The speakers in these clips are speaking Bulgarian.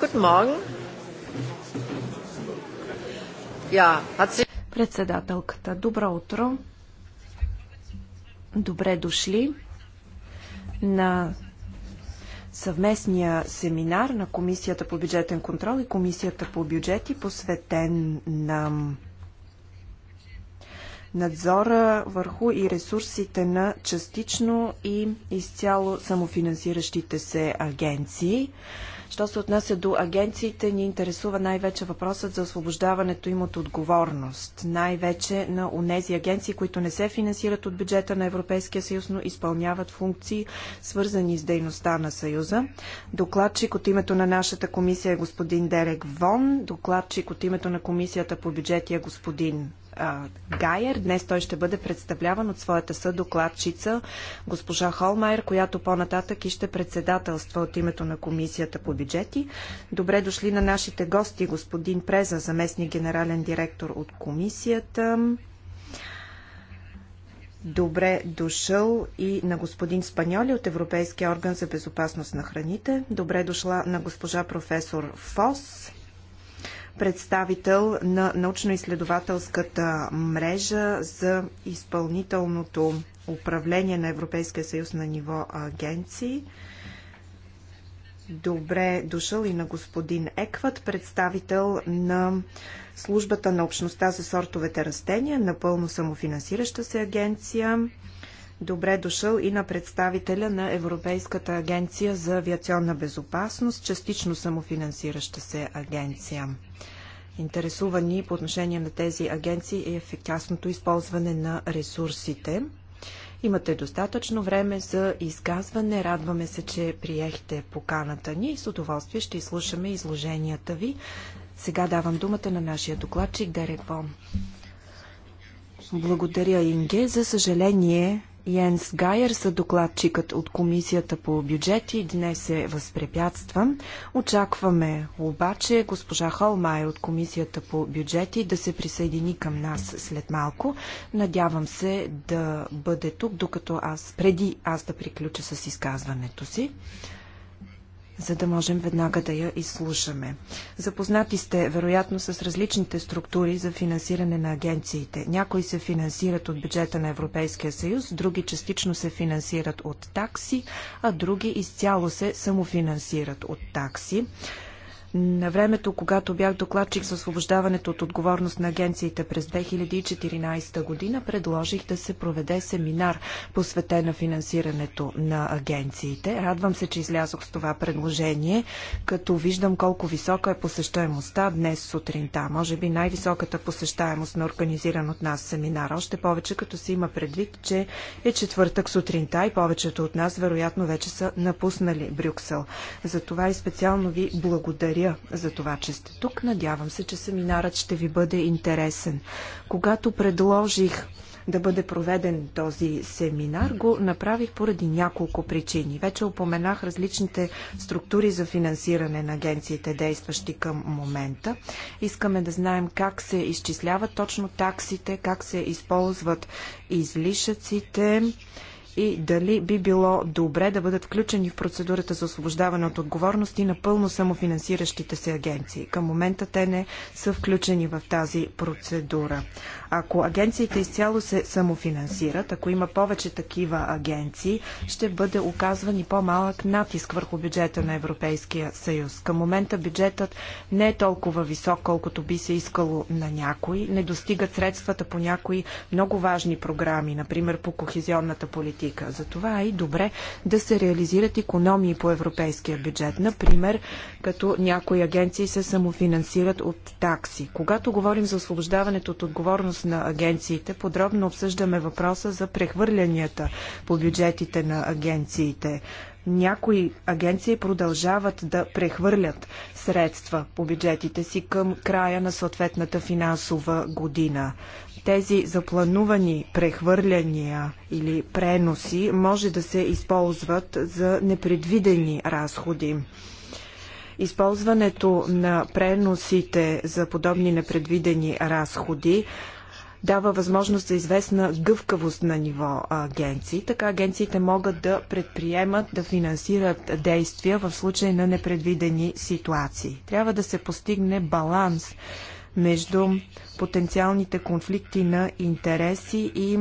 Guten Morgen. Ja, hat Председателката. Добро утро. Добре дошли на съвместния семинар на Комисията по бюджетен контрол и Комисията по бюджети, посветен на надзора върху и ресурсите на частично и изцяло самофинансиращите се агенции. Що се отнася до агенциите, ни интересува най-вече въпросът за освобождаването им от отговорност. Най-вече на унези агенции, които не се финансират от бюджета на Европейския съюз, но изпълняват функции, свързани с дейността на съюза. Докладчик от името на нашата комисия е господин Дерек Вон, докладчик от името на комисията по бюджет е господин Гайер. Днес той ще бъде представляван от своята съдокладчица, госпожа Холмайер, която по-нататък и ще председателства от името на Комисията по бюджети. Добре дошли на нашите гости, господин Преза, заместник генерален директор от Комисията. Добре дошъл и на господин Спаньоли от Европейския орган за безопасност на храните. Добре дошла на госпожа професор Фос представител на научно-изследователската мрежа за изпълнителното управление на Европейския съюз на ниво агенции. Добре е дошъл и на господин Екват, представител на службата на общността за сортовете растения, напълно самофинансираща се агенция. Добре дошъл и на представителя на Европейската агенция за авиационна безопасност, частично самофинансираща се агенция. Интересува ни по отношение на тези агенции е ефективното използване на ресурсите. Имате достатъчно време за изказване. Радваме се, че приехте поканата ни и с удоволствие ще изслушаме изложенията ви. Сега давам думата на нашия докладчик Дерек Бом. Благодаря, Инге. За съжаление, Йенс Гайер са докладчикът от Комисията по бюджети. Днес е възпрепятстван. Очакваме обаче госпожа Холмайер от Комисията по бюджети да се присъедини към нас след малко. Надявам се да бъде тук, докато аз, преди аз да приключа с изказването си за да можем веднага да я изслушаме. Запознати сте, вероятно, с различните структури за финансиране на агенциите. Някои се финансират от бюджета на Европейския съюз, други частично се финансират от такси, а други изцяло се самофинансират от такси. На времето, когато бях докладчик за освобождаването от отговорност на агенциите през 2014 година, предложих да се проведе семинар, посветен на финансирането на агенциите. Радвам се, че излязох с това предложение, като виждам колко висока е посещаемостта днес сутринта. Може би най-високата посещаемост на организиран от нас семинар. Още повече, като се има предвид, че е четвъртък сутринта и повечето от нас, вероятно, вече са напуснали Брюксел. За това и специално ви благодаря благодаря за това, че сте тук. Надявам се, че семинарът ще ви бъде интересен. Когато предложих да бъде проведен този семинар, го направих поради няколко причини. Вече опоменах различните структури за финансиране на агенциите, действащи към момента. Искаме да знаем как се изчисляват точно таксите, как се използват излишъците, и дали би било добре да бъдат включени в процедурата за освобождаване от отговорности напълно самофинансиращите се агенции. Към момента те не са включени в тази процедура. Ако агенциите изцяло се самофинансират, ако има повече такива агенции, ще бъде оказван и по-малък натиск върху бюджета на Европейския съюз. Към момента бюджетът не е толкова висок, колкото би се искало на някой. Не достигат средствата по някои много важни програми, например по кохезионната политика. Затова е и добре да се реализират економии по европейския бюджет. Например, като някои агенции се самофинансират от такси. Когато говорим за освобождаването от отговорност дейност на агенциите подробно обсъждаме въпроса за прехвърлянията по бюджетите на агенциите. Някои агенции продължават да прехвърлят средства по бюджетите си към края на съответната финансова година тези запланувани прехвърляния или преноси може да се използват за непредвидени разходи. Използването на преносите за подобни непредвидени разходи дава възможност за известна гъвкавост на ниво агенции. Така агенциите могат да предприемат, да финансират действия в случай на непредвидени ситуации. Трябва да се постигне баланс между потенциалните конфликти на интереси и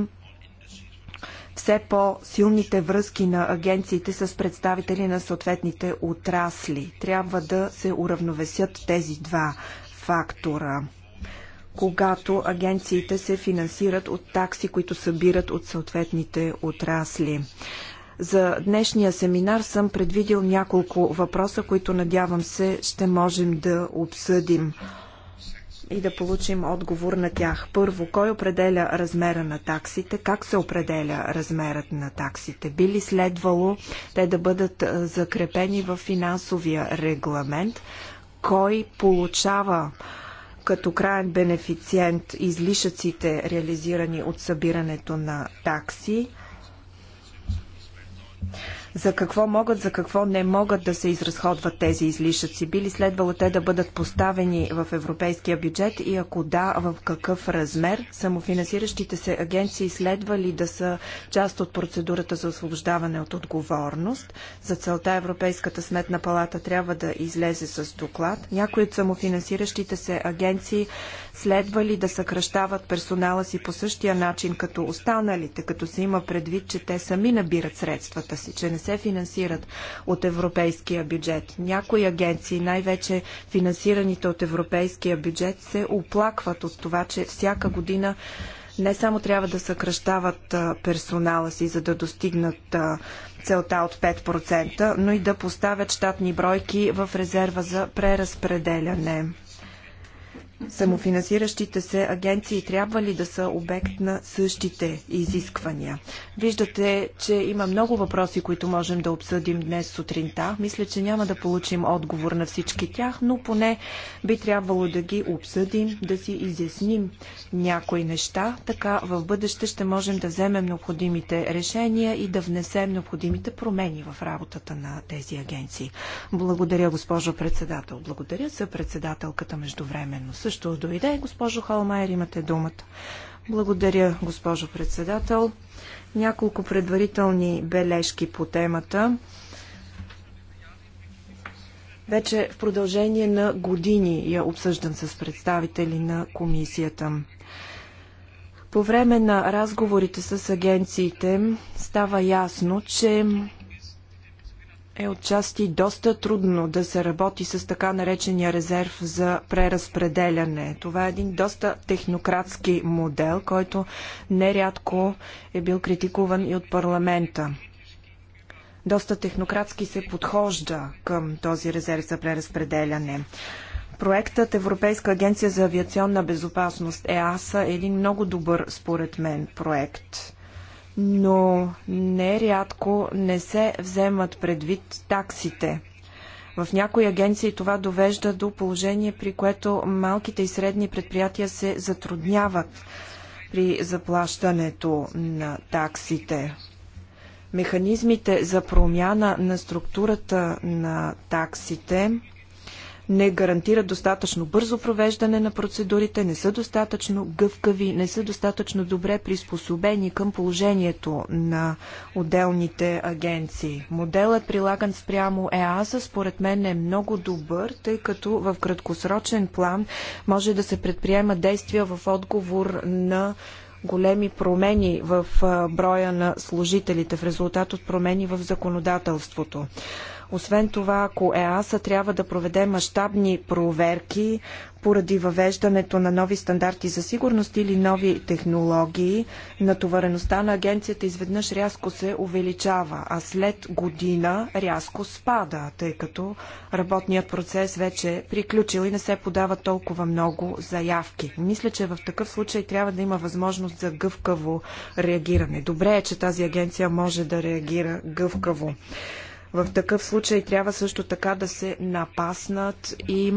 все по-силните връзки на агенциите с представители на съответните отрасли. Трябва да се уравновесят тези два фактора когато агенциите се финансират от такси, които събират от съответните отрасли. За днешния семинар съм предвидил няколко въпроса, които надявам се ще можем да обсъдим и да получим отговор на тях. Първо, кой определя размера на таксите? Как се определя размерът на таксите? Би ли следвало те да бъдат закрепени в финансовия регламент? Кой получава като крайен бенефициент излишъците, реализирани от събирането на такси за какво могат, за какво не могат да се изразходват тези излишъци. Били следвало те да бъдат поставени в европейския бюджет и ако да, в какъв размер? Самофинансиращите се агенции следва ли да са част от процедурата за освобождаване от отговорност? За целта Европейската сметна палата трябва да излезе с доклад. Някои от самофинансиращите се агенции следва ли да съкръщават персонала си по същия начин като останалите, като се има предвид, че те сами набират средствата си, че не се финансират от европейския бюджет. Някои агенции, най-вече финансираните от европейския бюджет, се оплакват от това, че всяка година не само трябва да съкръщават персонала си, за да достигнат целта от 5%, но и да поставят щатни бройки в резерва за преразпределяне самофинансиращите се агенции трябва ли да са обект на същите изисквания? Виждате, че има много въпроси, които можем да обсъдим днес сутринта. Мисля, че няма да получим отговор на всички тях, но поне би трябвало да ги обсъдим, да си изясним някои неща. Така в бъдеще ще можем да вземем необходимите решения и да внесем необходимите промени в работата на тези агенции. Благодаря, госпожо председател. Благодаря за председателката междувременно също дойде. Госпожо Холмайер, имате думата. Благодаря, госпожо председател. Няколко предварителни бележки по темата. Вече в продължение на години я обсъждам с представители на комисията. По време на разговорите с агенциите става ясно, че е отчасти доста трудно да се работи с така наречения резерв за преразпределяне. Това е един доста технократски модел, който нерядко е бил критикуван и от парламента. Доста технократски се подхожда към този резерв за преразпределяне. Проектът Европейска агенция за авиационна безопасност ЕАСА е един много добър, според мен, проект но нерядко не се вземат предвид таксите. В някои агенции това довежда до положение, при което малките и средни предприятия се затрудняват при заплащането на таксите. Механизмите за промяна на структурата на таксите не гарантират достатъчно бързо провеждане на процедурите, не са достатъчно гъвкави, не са достатъчно добре приспособени към положението на отделните агенции. Моделът прилаган спрямо ЕАСА според мен е много добър, тъй като в краткосрочен план може да се предприема действия в отговор на големи промени в броя на служителите в резултат от промени в законодателството. Освен това, ако ЕАСА трябва да проведе мащабни проверки поради въвеждането на нови стандарти за сигурност или нови технологии, натовареността на агенцията изведнъж рязко се увеличава, а след година рязко спада, тъй като работният процес вече е приключил и не се подава толкова много заявки. Мисля, че в такъв случай трябва да има възможност за гъвкаво реагиране. Добре е, че тази агенция може да реагира гъвкаво. В такъв случай трябва също така да се напаснат и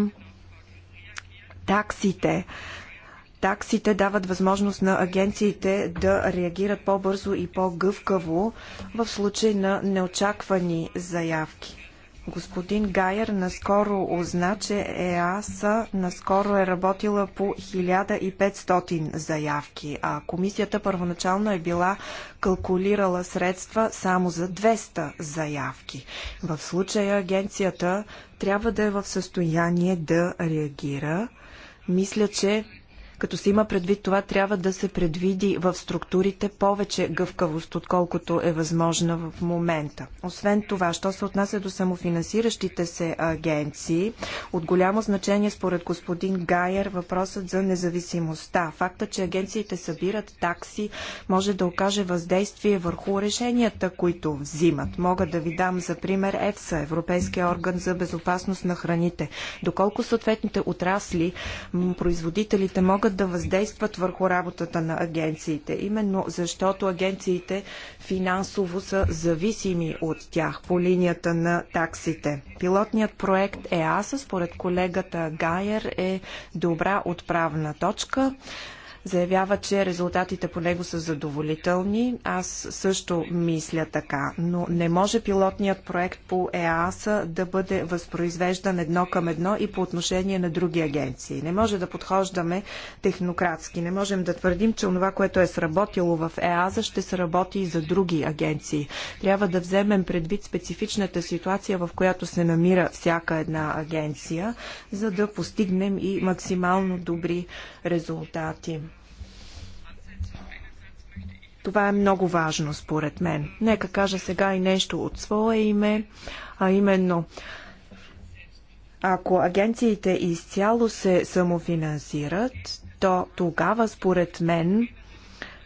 таксите. Таксите дават възможност на агенциите да реагират по-бързо и по-гъвкаво в случай на неочаквани заявки. Господин Гайер наскоро узна, че ЕАСА наскоро е работила по 1500 заявки, а комисията първоначално е била калкулирала средства само за 200 заявки. В случая агенцията трябва да е в състояние да реагира. Мисля, че като се има предвид това, трябва да се предвиди в структурите повече гъвкавост, отколкото е възможна в момента. Освен това, що се отнася до самофинансиращите се агенции, от голямо значение според господин Гайер въпросът за независимостта. Факта, че агенциите събират такси, може да окаже въздействие върху решенията, които взимат. Мога да ви дам за пример ЕФСА, Европейския орган за безопасност на храните. Доколко съответните отрасли, производителите могат могат да въздействат върху работата на агенциите. Именно защото агенциите финансово са зависими от тях по линията на таксите. Пилотният проект ЕАСА, според колегата Гайер, е добра отправна точка заявява, че резултатите по него са задоволителни. Аз също мисля така, но не може пилотният проект по ЕАСА да бъде възпроизвеждан едно към едно и по отношение на други агенции. Не може да подхождаме технократски. Не можем да твърдим, че това, което е сработило в ЕАСА, ще сработи и за други агенции. Трябва да вземем предвид специфичната ситуация, в която се намира всяка една агенция, за да постигнем и максимално добри резултати. Това е много важно, според мен. Нека кажа сега и нещо от свое име, а именно ако агенциите изцяло се самофинансират, то тогава, според мен,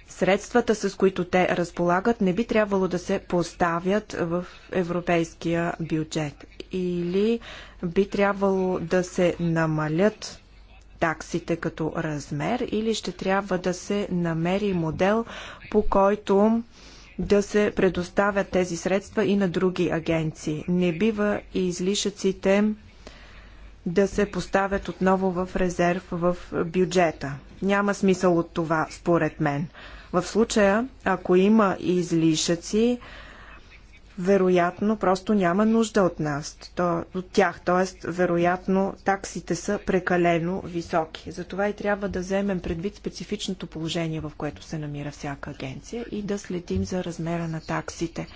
средствата, с които те разполагат, не би трябвало да се поставят в европейския бюджет. Или би трябвало да се намалят таксите като размер или ще трябва да се намери модел, по който да се предоставят тези средства и на други агенции. Не бива и излишъците да се поставят отново в резерв в бюджета. Няма смисъл от това, според мен. В случая, ако има излишъци, вероятно просто няма нужда от нас, то, от тях. Т.е. вероятно таксите са прекалено високи. Затова и трябва да вземем предвид специфичното положение, в което се намира всяка агенция и да следим за размера на таксите.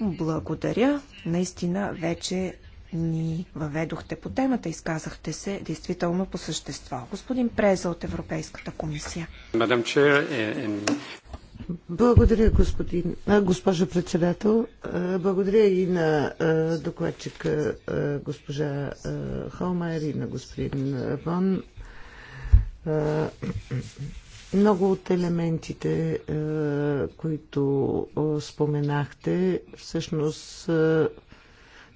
Благодаря. Наистина вече ни въведохте по темата, изказахте се действително по същество. Господин Преза от Европейската комисия. Е, е, благодаря, господин, госпожа председател. Благодаря и на докладчика госпожа Холмайер и на господин Вон. Много от елементите, които споменахте, всъщност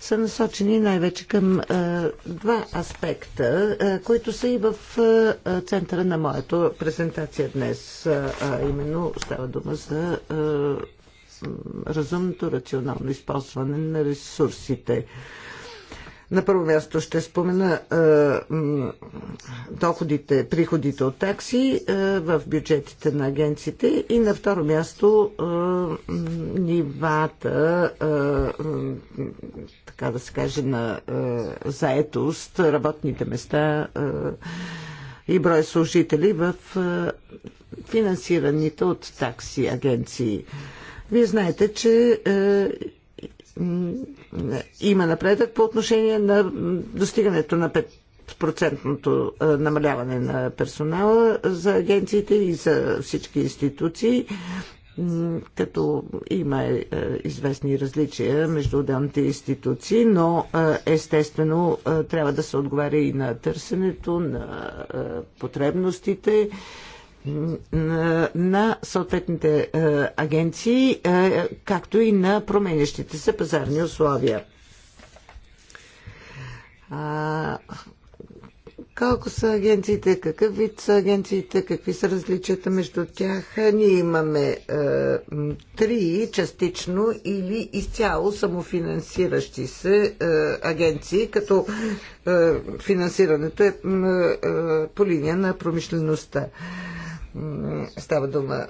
са насочени най-вече към е, два аспекта, е, които са и в е, центъра на моето презентация днес. а именно става дума за разумното, рационално използване на ресурсите. На първо място ще спомена е, доходите, приходите от такси е, в бюджетите на агенциите и на второ място е, нивата, е, така да се каже, на е, заетост, работните места е, и брой служители в е, финансираните от такси агенции. Вие знаете, че е, има напредък по отношение на достигането на 5% е, намаляване на персонала за агенциите и за всички институции, като има е, известни различия между отделните институции, но е, естествено трябва да се отговаря и на търсенето, на потребностите на съответните е, агенции, е, както и на променящите се пазарни условия. Колко са агенциите, какъв вид са агенциите, какви са различията между тях? Ние имаме е, три частично или изцяло самофинансиращи се е, агенции, като е, финансирането е, е по линия на промишлеността. Е, Става дума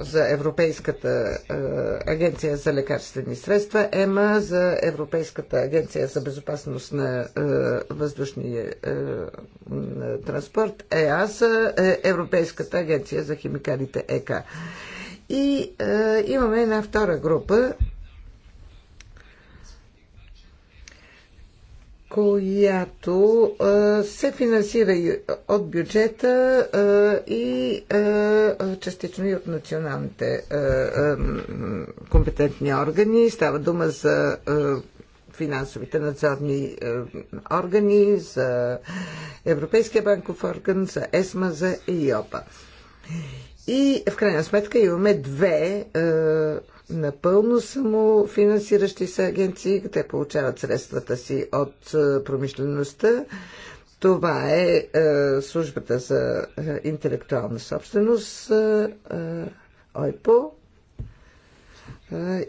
за Европейската агенция за лекарствени средства, ЕМА, за Европейската агенция за безопасност на въздушния транспорт, ЕАСА, е Европейската агенция за химикалите ЕКА. И а, имаме една втора група която се финансира и от бюджета и частично и от националните компетентни органи. Става дума за финансовите надзорни органи, за Европейския банков орган, за ЕСМА, за ИОПА. И в крайна сметка имаме две напълно самофинансиращи се агенции. Те получават средствата си от е, промишлеността. Е, е, това е, службата за интелектуална собственост ОИПО.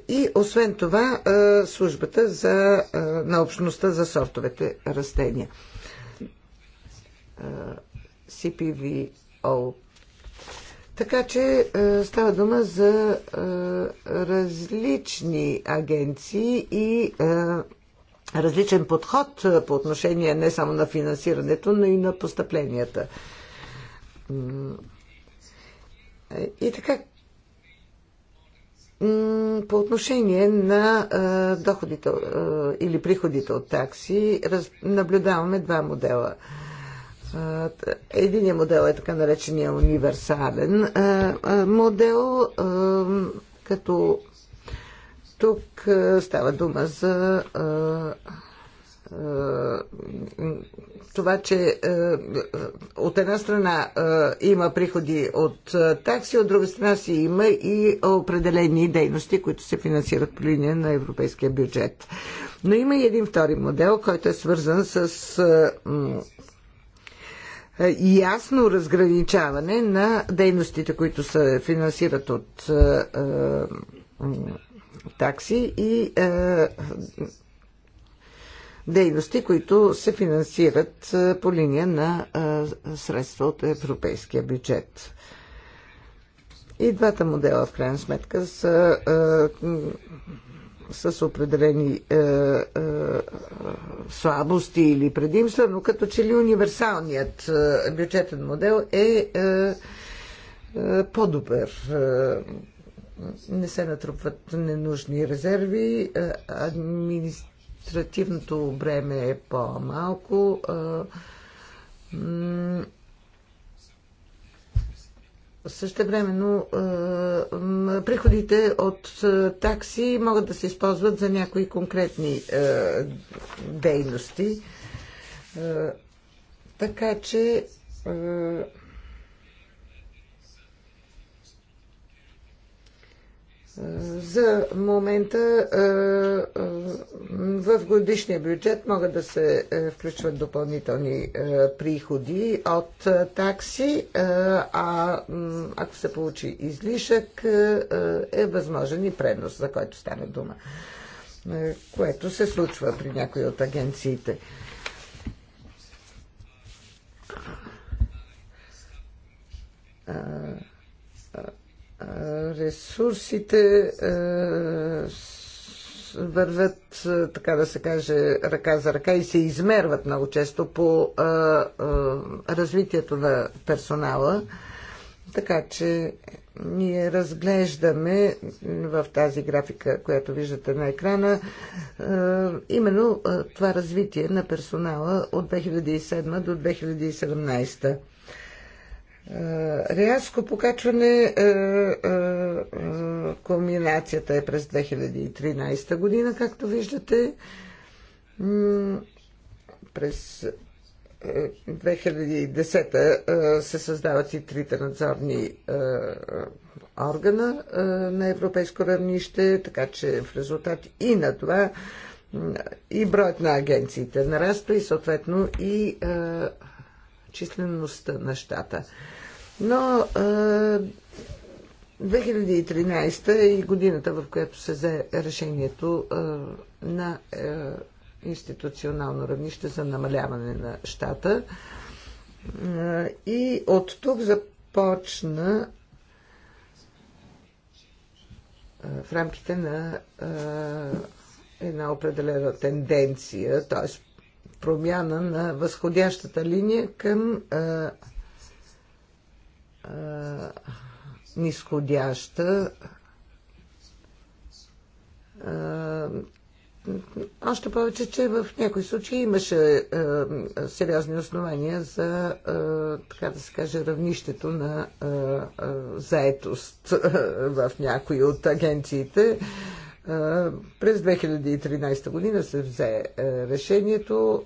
И освен това, службата за, на за сортовете растения. CPVOP така че е, става дума за е, различни агенции и е, различен подход по отношение не само на финансирането, но и на постъпленията. И така, по отношение на доходите или приходите от такси, наблюдаваме два модела – Единият модел е така наречения универсален модел, като тук става дума за това, че от една страна има приходи от такси, от друга страна си има и определени дейности, които се финансират по линия на европейския бюджет. Но има и един втори модел, който е свързан с е, ясно разграничаване на дейностите, които се финансират от е, е, такси и дейности, които се финансират по линия на средства от европейския бюджет. И двата модела, в крайна сметка, са с определени е, е, слабости или предимства, но като че ли универсалният е, бюджетен модел е, е, е по-добър. Е, не се натрупват ненужни резерви, е, административното бреме е по-малко. Е, също времено е, приходите от е, такси могат да се използват за някои конкретни е, дейности. Така че За момента в годишния бюджет могат да се включват допълнителни приходи от такси, а ако се получи излишък, е възможен и пренос, за който стана дума, което се случва при някои от агенциите ресурсите вървят, така да се каже, ръка за ръка и се измерват много често по развитието на персонала. Така че ние разглеждаме в тази графика, която виждате на екрана, именно това развитие на персонала от 2007 до 2017. Е, рязко покачване. Е, е, кулминацията е през 2013 година, както виждате. През 2010 се създават и трите надзорни органа на европейско равнище, така че в резултат и на това и броят на агенциите нараства и съответно и числеността на щата. Но 2013 е, е годината, в която се взе решението е, на е, институционално равнище за намаляване на щата. И от тук започна в рамките на една определена тенденция, т.е. промяна на възходящата линия към е, нисходяща. Е, още повече, че в някои случаи имаше а, е, сериозни основания за, а, така да се каже, равнището на а, а, заетост в някои от агенциите. през 2013 година се взе решението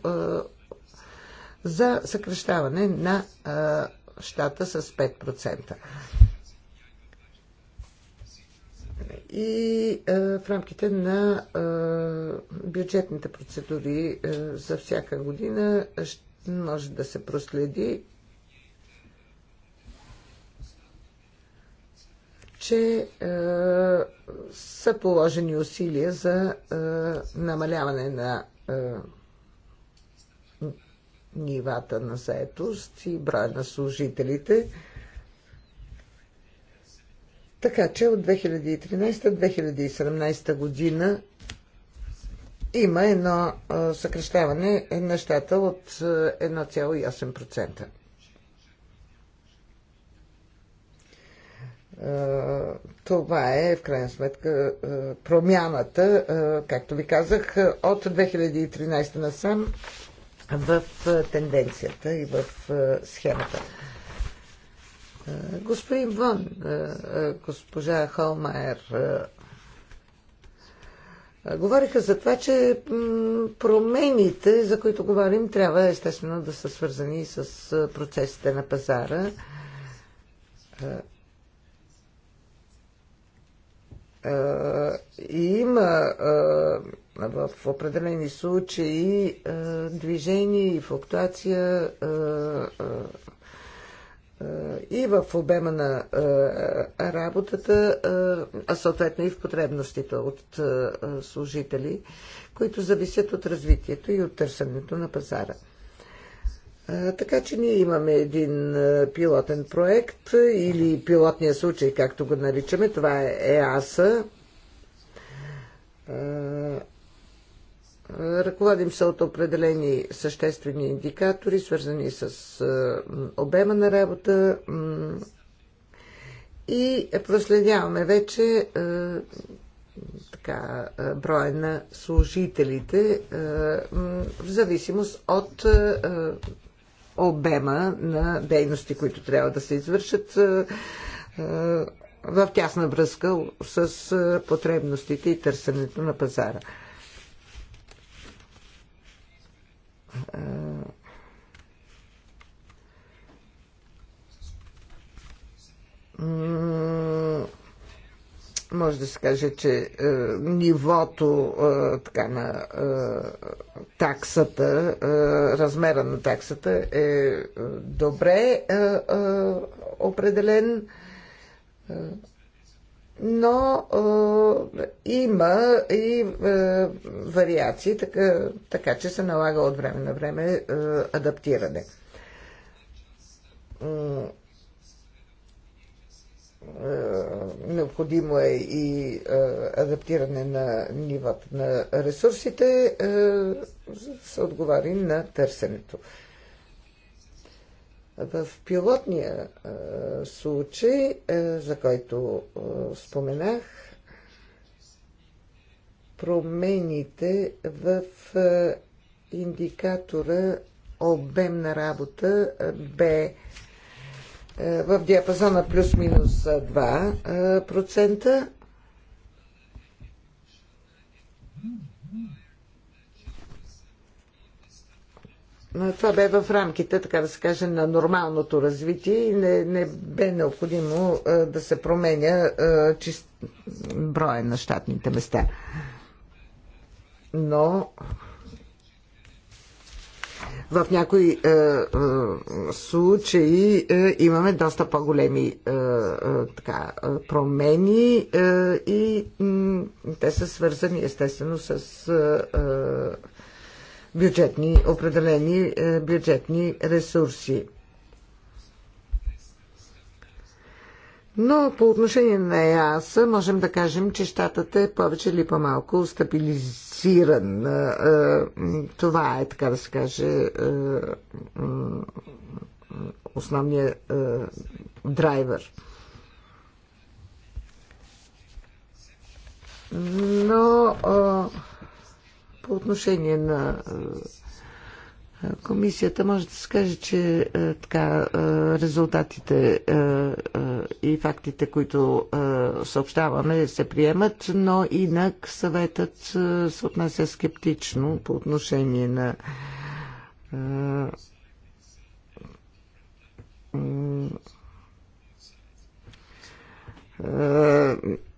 за съкръщаване на щата с 5%. И е, в рамките на е, бюджетните процедури е, за всяка година може да се проследи, че са положени усилия за намаляване на нивата на заетост и броя на служителите. Така че от 2013-2017 година има едно съкрещаване на щата от 1,8%. това е в крайна сметка промяната, както ви казах, от 2013 насам в тенденцията и в схемата. Господин Вон, госпожа Холмайер, говориха за това, че промените, за които говорим, трябва естествено да са свързани с процесите на пазара. И има в определени случаи движение и флуктуация и в обема на работата, а съответно и в потребностите от служители, които зависят от развитието и от търсенето на пазара. Така че ние имаме един пилотен проект или пилотния случай, както го наричаме. Това е ЕАСА Ръководим се от определени съществени индикатори, свързани с обема на работа и проследяваме вече така, броя на служителите в зависимост от обема на дейности, които трябва да се извършат в тясна връзка с потребностите и търсенето на пазара. Е, може да се каже, че е, нивото е, така, на е, таксата, е, размера на таксата е, е добре е, е, определен. Е, но е, има и е, вариации, така, така че се налага от време на време е, адаптиране. Необходимо е и адаптиране на нивата на ресурсите, се отговори на търсенето. В пилотния случай, за който споменах, промените в индикатора обем на работа Б, в диапазона плюс-минус 2%. това бе в рамките, така да се каже, на нормалното развитие и не, не бе необходимо да се променя чист, броя на щатните места. Но в някои е, е, случаи е, имаме доста по-големи е, е, така, промени е, и м- те са свързани естествено с е, е, бюджетни, определени е, бюджетни ресурси. Но по отношение на ЕАС можем да кажем, че щатът е повече или по-малко стабилизиран. Е, е, това е, така да се каже, основният драйвер. Но по отношение на е, е, комисията може да се каже, че е, така, резултатите и фактите, които съобщаваме, се приемат, но инак съветът се отнася скептично по отношение на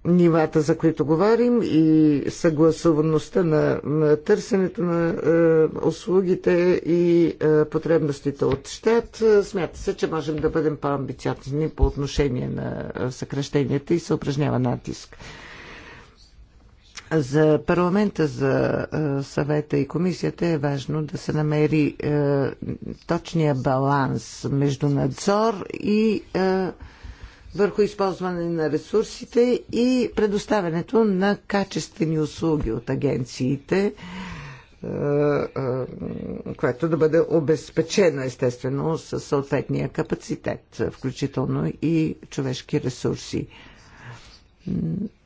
нивата, за които говорим и съгласуваността на, на търсенето на е, услугите и е, потребностите от щат, смята се, че можем да бъдем по-амбициозни по отношение на съкръщенията и се упражнява натиск. За парламента, за е, съвета и комисията е важно да се намери е, точния баланс между надзор и е, върху използване на ресурсите и предоставянето на качествени услуги от агенциите, е, е, което да бъде обезпечено естествено с съответния капацитет, включително и човешки ресурси.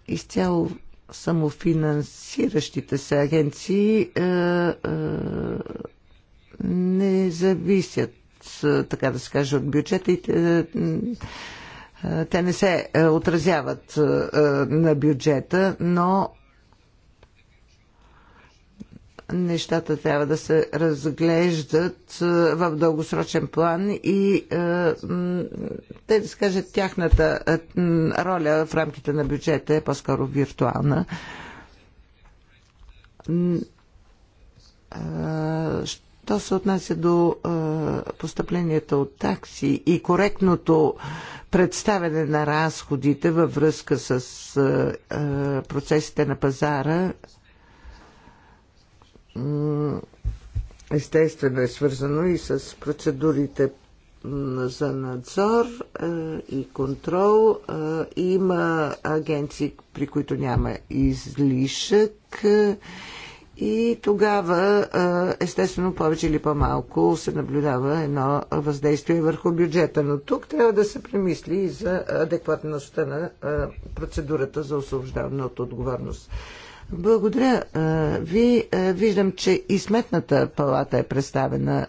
Изцяло самофинансиращите се агенции е, не зависят, така да се каже, от бюджета и е, те не се е, отразяват е, на бюджета, но нещата трябва да се разглеждат в дългосрочен план и те да се тяхната роля в рамките на бюджета е по-скоро виртуална. То се отнася до а, постъпленията от такси и коректното представяне на разходите във връзка с а, а, процесите на пазара, естествено е свързано и с процедурите за надзор и контрол. Има агенции, при които няма излишък и тогава, естествено, повече или по-малко се наблюдава едно въздействие върху бюджета. Но тук трябва да се премисли и за адекватността на процедурата за освобождаване от отговорност. Благодаря ви. Виждам, че и сметната палата е представена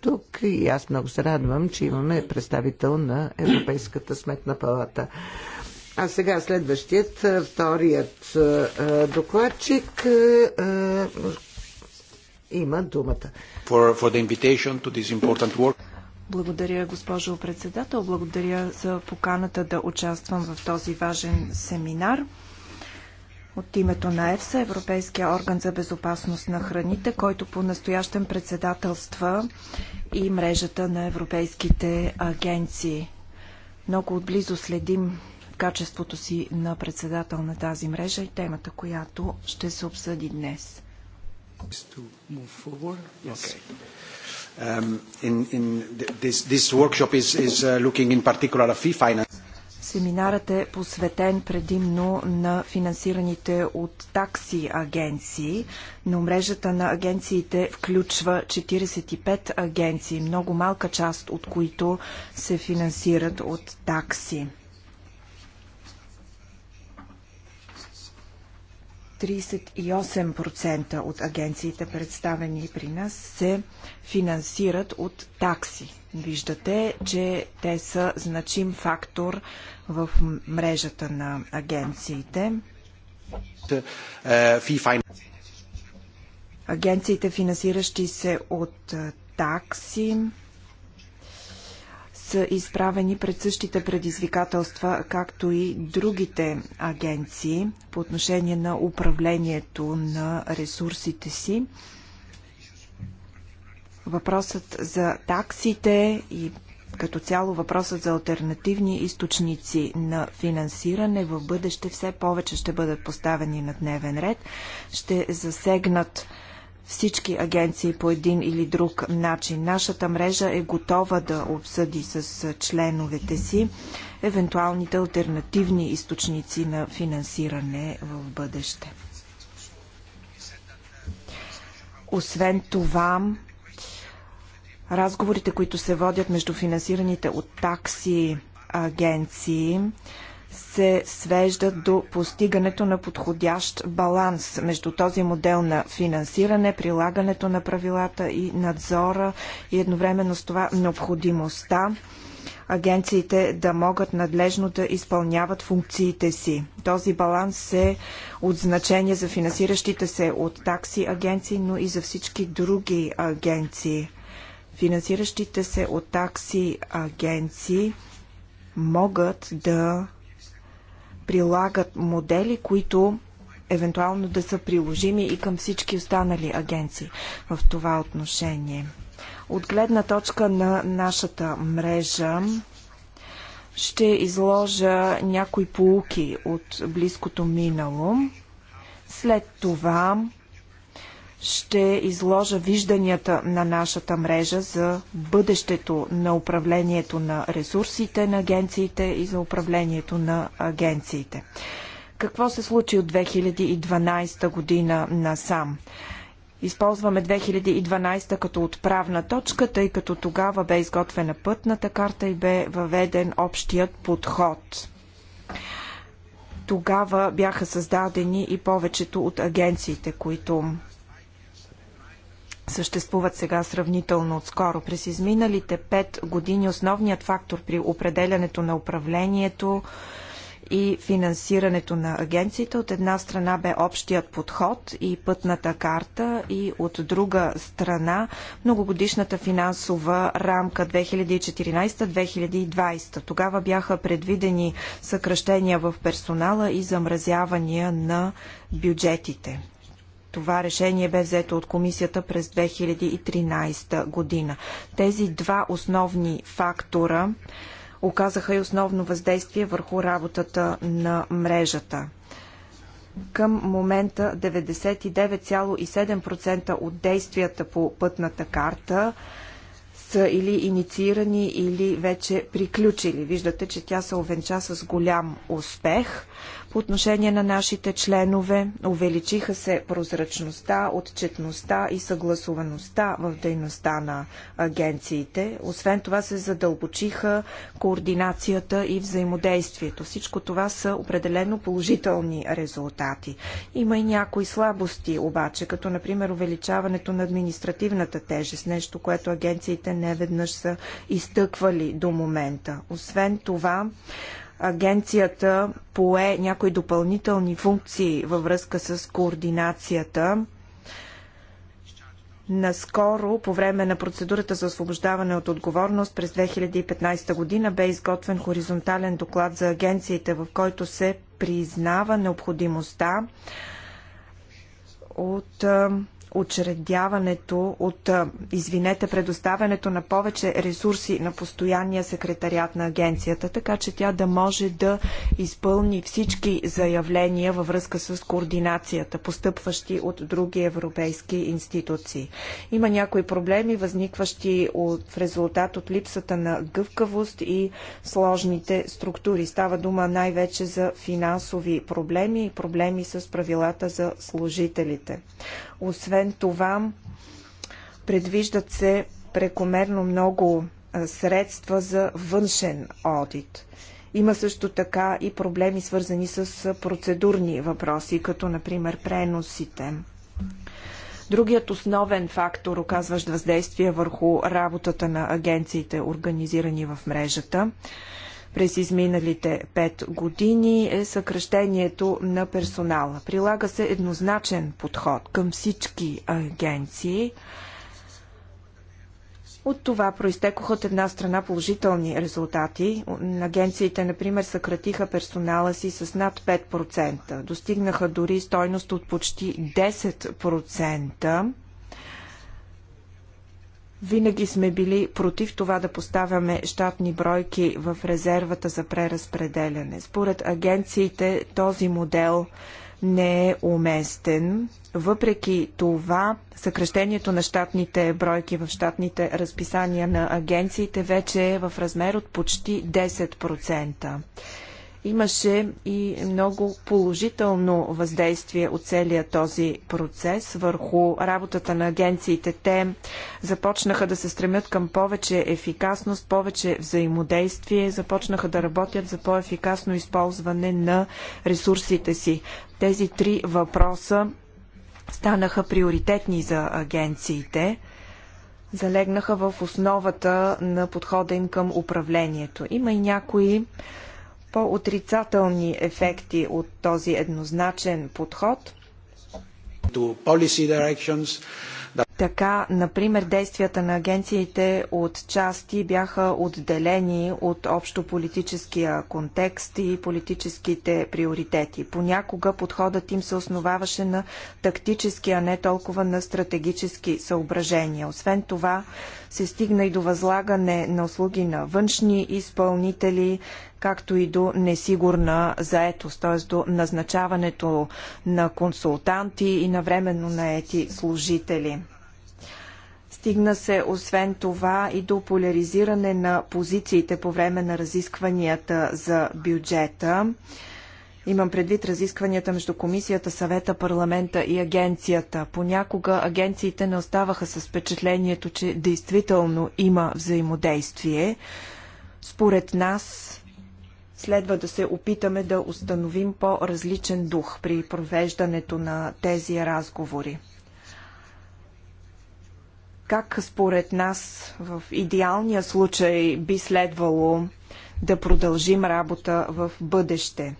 тук и аз много се радвам, че имаме представител на Европейската сметна палата. А сега следващият, вторият докладчик има думата. For, for the invitation to this important work. Благодаря, госпожо председател. Благодаря за поканата да участвам в този важен семинар. От името на ЕФСА, Европейския орган за безопасност на храните, който по настоящен председателства и мрежата на европейските агенции. Много отблизо следим качеството си на председател на тази мрежа и темата, която ще се обсъди днес. Семинарът е посветен предимно на финансираните от такси агенции, но мрежата на агенциите включва 45 агенции, много малка част от които се финансират от такси. 38% от агенциите, представени при нас, се финансират от такси. Виждате, че те са значим фактор в мрежата на агенциите. Агенциите, финансиращи се от такси, са изправени пред същите предизвикателства, както и другите агенции по отношение на управлението на ресурсите си. Въпросът за таксите и като цяло въпросът за альтернативни източници на финансиране в бъдеще все повече ще бъдат поставени на дневен ред, ще засегнат всички агенции по един или друг начин. Нашата мрежа е готова да обсъди с членовете си евентуалните альтернативни източници на финансиране в бъдеще. Освен това, разговорите, които се водят между финансираните от такси агенции, се свеждат до постигането на подходящ баланс между този модел на финансиране, прилагането на правилата и надзора и едновременно с това необходимостта агенциите да могат надлежно да изпълняват функциите си. Този баланс е от значение за финансиращите се от такси агенции, но и за всички други агенции. Финансиращите се от такси агенции могат да прилагат модели, които евентуално да са приложими и към всички останали агенции в това отношение. От гледна точка на нашата мрежа ще изложа някои полуки от близкото минало. След това ще изложа вижданията на нашата мрежа за бъдещето на управлението на ресурсите на агенциите и за управлението на агенциите. Какво се случи от 2012 година насам? Използваме 2012 като отправна точка, тъй като тогава бе изготвена пътната карта и бе въведен общият подход. Тогава бяха създадени и повечето от агенциите, които съществуват сега сравнително отскоро. През изминалите пет години основният фактор при определянето на управлението и финансирането на агенциите от една страна бе общият подход и пътната карта и от друга страна многогодишната финансова рамка 2014-2020. Тогава бяха предвидени съкръщения в персонала и замразявания на бюджетите. Това решение бе взето от комисията през 2013 година. Тези два основни фактора оказаха и основно въздействие върху работата на мрежата. Към момента 99,7% от действията по пътната карта са или инициирани, или вече приключили. Виждате, че тя се овенча с голям успех по отношение на нашите членове. Увеличиха се прозрачността, отчетността и съгласуваността в дейността на агенциите. Освен това се задълбочиха координацията и взаимодействието. Всичко това са определено положителни резултати. Има и някои слабости обаче, като например увеличаването на административната тежест, нещо, което агенциите не веднъж са изтъквали до момента. Освен това, агенцията пое някои допълнителни функции във връзка с координацията. Наскоро, по време на процедурата за освобождаване от отговорност през 2015 година, бе изготвен хоризонтален доклад за агенциите, в който се признава необходимостта от учредяването от, извинете, предоставянето на повече ресурси на постоянния секретариат на агенцията, така че тя да може да изпълни всички заявления във връзка с координацията, постъпващи от други европейски институции. Има някои проблеми, възникващи от, в резултат от липсата на гъвкавост и сложните структури. Става дума най-вече за финансови проблеми и проблеми с правилата за служителите. Освен това, предвиждат се прекомерно много средства за външен одит. Има също така и проблеми свързани с процедурни въпроси, като например преносите. Другият основен фактор, оказващ въздействие върху работата на агенциите, организирани в мрежата, през изминалите 5 години е съкръщението на персонала. Прилага се еднозначен подход към всички агенции. От това проистекоха от една страна положителни резултати. Агенциите, например, съкратиха персонала си с над 5%. Достигнаха дори стойност от почти 10%. Винаги сме били против това да поставяме щатни бройки в резервата за преразпределяне. Според агенциите този модел не е уместен. Въпреки това, съкрещението на щатните бройки в щатните разписания на агенциите вече е в размер от почти 10%. Имаше и много положително въздействие от целия този процес върху работата на агенциите. Те започнаха да се стремят към повече ефикасност, повече взаимодействие, започнаха да работят за по-ефикасно използване на ресурсите си. Тези три въпроса станаха приоритетни за агенциите залегнаха в основата на подхода им към управлението. Има и някои по-отрицателни ефекти от този еднозначен подход. Така, например, действията на агенциите от части бяха отделени от общо политическия контекст и политическите приоритети. Понякога подходът им се основаваше на тактически, а не толкова на стратегически съображения. Освен това, се стигна и до възлагане на услуги на външни изпълнители, както и до несигурна заетост, т.е. до назначаването на консултанти и на временно наети служители. Стигна се освен това и до поляризиране на позициите по време на разискванията за бюджета. Имам предвид разискванията между комисията, съвета, парламента и агенцията. Понякога агенциите не оставаха с впечатлението, че действително има взаимодействие. Според нас Следва да се опитаме да установим по-различен дух при провеждането на тези разговори. Как според нас в идеалния случай би следвало да продължим работа в бъдеще?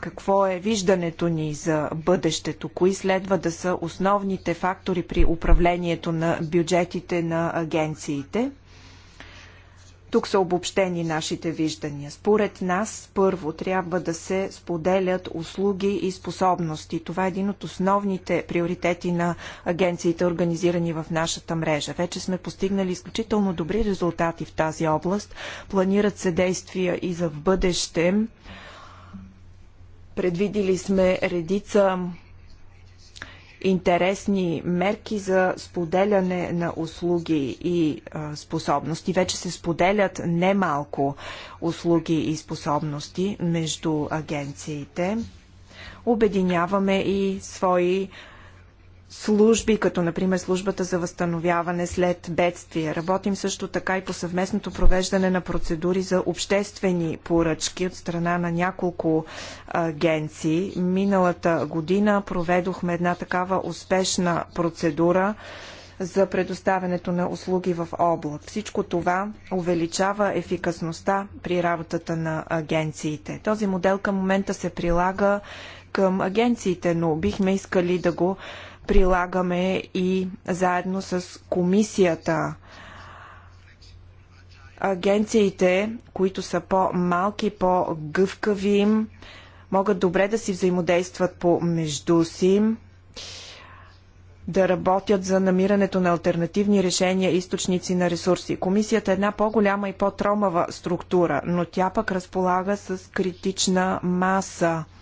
Какво е виждането ни за бъдещето? Кои следва да са основните фактори при управлението на бюджетите на агенциите? Тук са обобщени нашите виждания. Според нас, първо, трябва да се споделят услуги и способности. Това е един от основните приоритети на агенциите, организирани в нашата мрежа. Вече сме постигнали изключително добри резултати в тази област. Планират се действия и за в бъдеще. Предвидили сме редица интересни мерки за споделяне на услуги и а, способности. Вече се споделят немалко услуги и способности между агенциите. Обединяваме и свои служби, като например службата за възстановяване след бедствие. Работим също така и по съвместното провеждане на процедури за обществени поръчки от страна на няколко агенции. Миналата година проведохме една такава успешна процедура за предоставянето на услуги в област. Всичко това увеличава ефикасността при работата на агенциите. Този модел към момента се прилага към агенциите, но бихме искали да го прилагаме и заедно с комисията. Агенциите, които са по-малки, по-гъвкави, могат добре да си взаимодействат помежду си, да работят за намирането на альтернативни решения и източници на ресурси. Комисията е една по-голяма и по-тромава структура, но тя пък разполага с критична маса –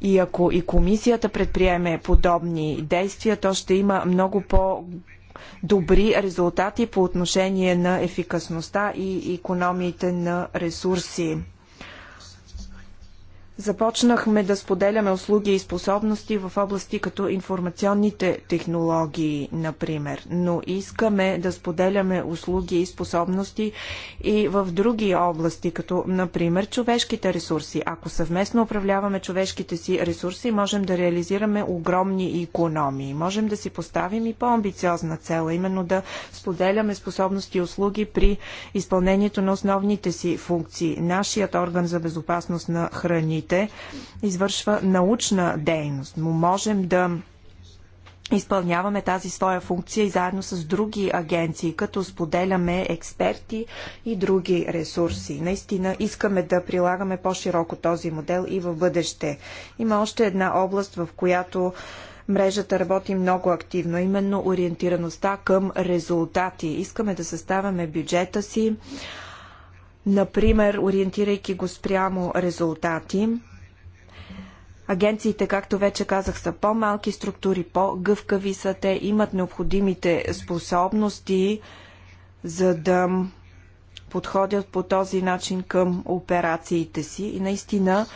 и ако и комисията предприеме подобни действия, то ще има много по- добри резултати по отношение на ефикасността и економиите на ресурси. Започнахме да споделяме услуги и способности в области като информационните технологии, например, но искаме да споделяме услуги и способности и в други области, като, например, човешките ресурси. Ако съвместно управляваме човешките си ресурси, можем да реализираме огромни економии. Можем да си поставим и по-амбициозна цела, именно да споделяме способности и услуги при изпълнението на основните си функции. Нашият орган за безопасност на храните страните извършва научна дейност. Но можем да изпълняваме тази своя функция и заедно с други агенции, като споделяме експерти и други ресурси. Наистина искаме да прилагаме по-широко този модел и в бъдеще. Има още една област, в която мрежата работи много активно, именно ориентираността към резултати. Искаме да съставяме бюджета си Например, ориентирайки го спрямо резултати, Агенциите, както вече казах, са по-малки структури, по-гъвкави са те, имат необходимите способности, за да подходят по този начин към операциите си. И наистина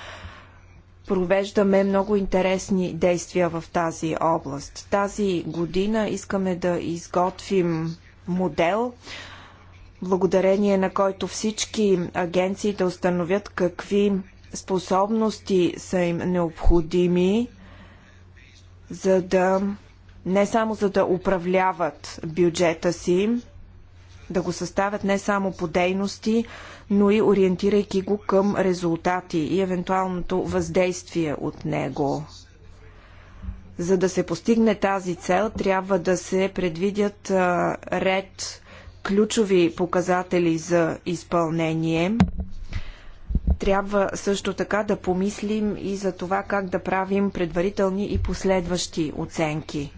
провеждаме много интересни действия в тази област. Тази година искаме да изготвим модел, благодарение на който всички агенции да установят какви способности са им необходими, за да не само за да управляват бюджета си, да го съставят не само по дейности, но и ориентирайки го към резултати и евентуалното въздействие от него. За да се постигне тази цел, трябва да се предвидят ред ключови показатели за изпълнение. Трябва също така да помислим и за това как да правим предварителни и последващи оценки.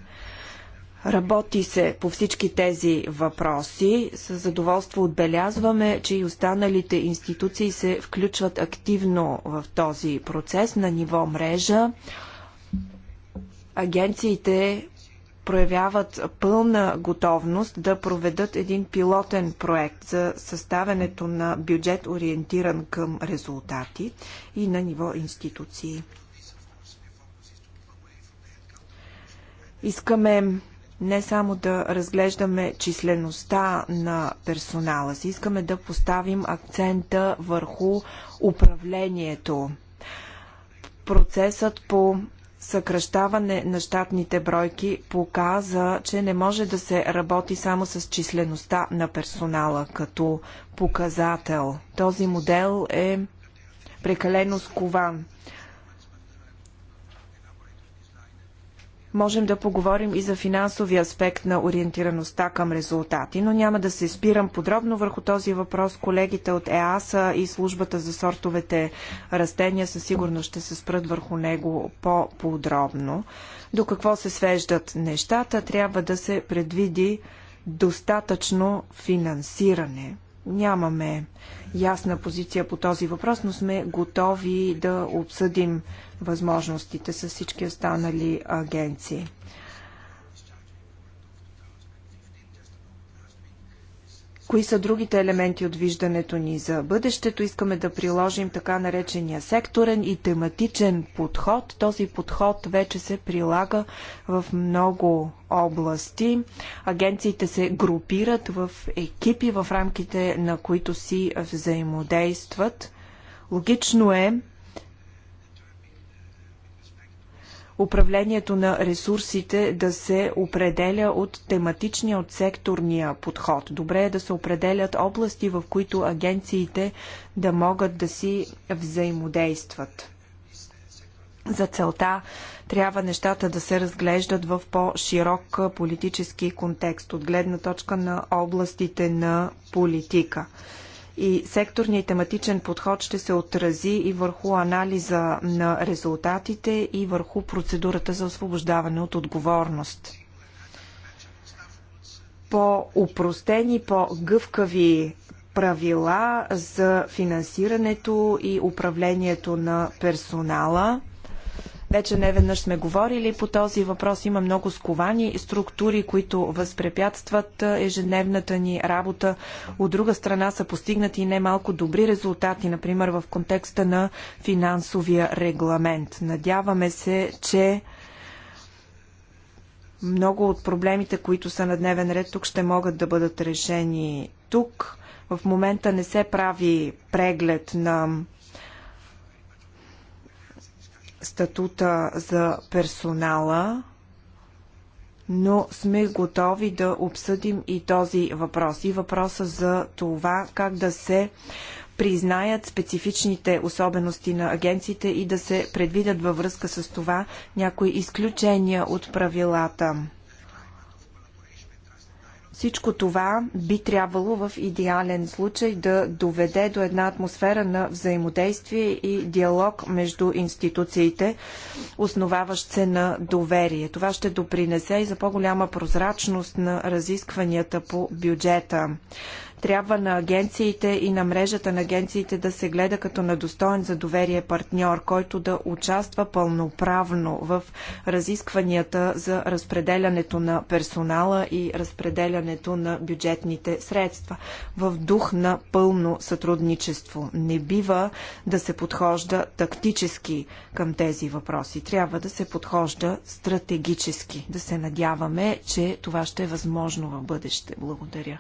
Работи се по всички тези въпроси. С задоволство отбелязваме, че и останалите институции се включват активно в този процес на ниво мрежа. Агенциите проявяват пълна готовност да проведат един пилотен проект за съставянето на бюджет ориентиран към резултати и на ниво институции. Искаме не само да разглеждаме числеността на персонала си, искаме да поставим акцента върху управлението. Процесът по съкръщаване на щатните бройки показа, че не може да се работи само с числеността на персонала като показател. Този модел е прекалено скован. Можем да поговорим и за финансовия аспект на ориентираността към резултати, но няма да се спирам подробно върху този въпрос. Колегите от ЕАСА и службата за сортовете растения със сигурност ще се спрат върху него по-подробно. До какво се свеждат нещата? Трябва да се предвиди достатъчно финансиране – Нямаме ясна позиция по този въпрос, но сме готови да обсъдим възможностите с всички останали агенции. Кои са другите елементи от виждането ни за бъдещето? Искаме да приложим така наречения секторен и тематичен подход. Този подход вече се прилага в много области. Агенциите се групират в екипи, в рамките на които си взаимодействат. Логично е управлението на ресурсите да се определя от тематичния, от секторния подход. Добре е да се определят области, в които агенциите да могат да си взаимодействат. За целта трябва нещата да се разглеждат в по-широк политически контекст от гледна точка на областите на политика и секторният тематичен подход ще се отрази и върху анализа на резултатите и върху процедурата за освобождаване от отговорност. По-упростени, по-гъвкави правила за финансирането и управлението на персонала – вече не веднъж сме говорили по този въпрос. Има много сковани структури, които възпрепятстват ежедневната ни работа. От друга страна са постигнати и немалко добри резултати, например в контекста на финансовия регламент. Надяваме се, че много от проблемите, които са на дневен ред тук, ще могат да бъдат решени тук. В момента не се прави преглед на статута за персонала, но сме готови да обсъдим и този въпрос. И въпроса за това как да се признаят специфичните особености на агенциите и да се предвидят във връзка с това някои изключения от правилата. Всичко това би трябвало в идеален случай да доведе до една атмосфера на взаимодействие и диалог между институциите, основаващ се на доверие. Това ще допринесе и за по-голяма прозрачност на разискванията по бюджета. Трябва на агенциите и на мрежата на агенциите да се гледа като на достоен за доверие партньор, който да участва пълноправно в разискванията за разпределянето на персонала и разпределянето на бюджетните средства в дух на пълно сътрудничество. Не бива да се подхожда тактически към тези въпроси. Трябва да се подхожда стратегически. Да се надяваме, че това ще е възможно в бъдеще. Благодаря.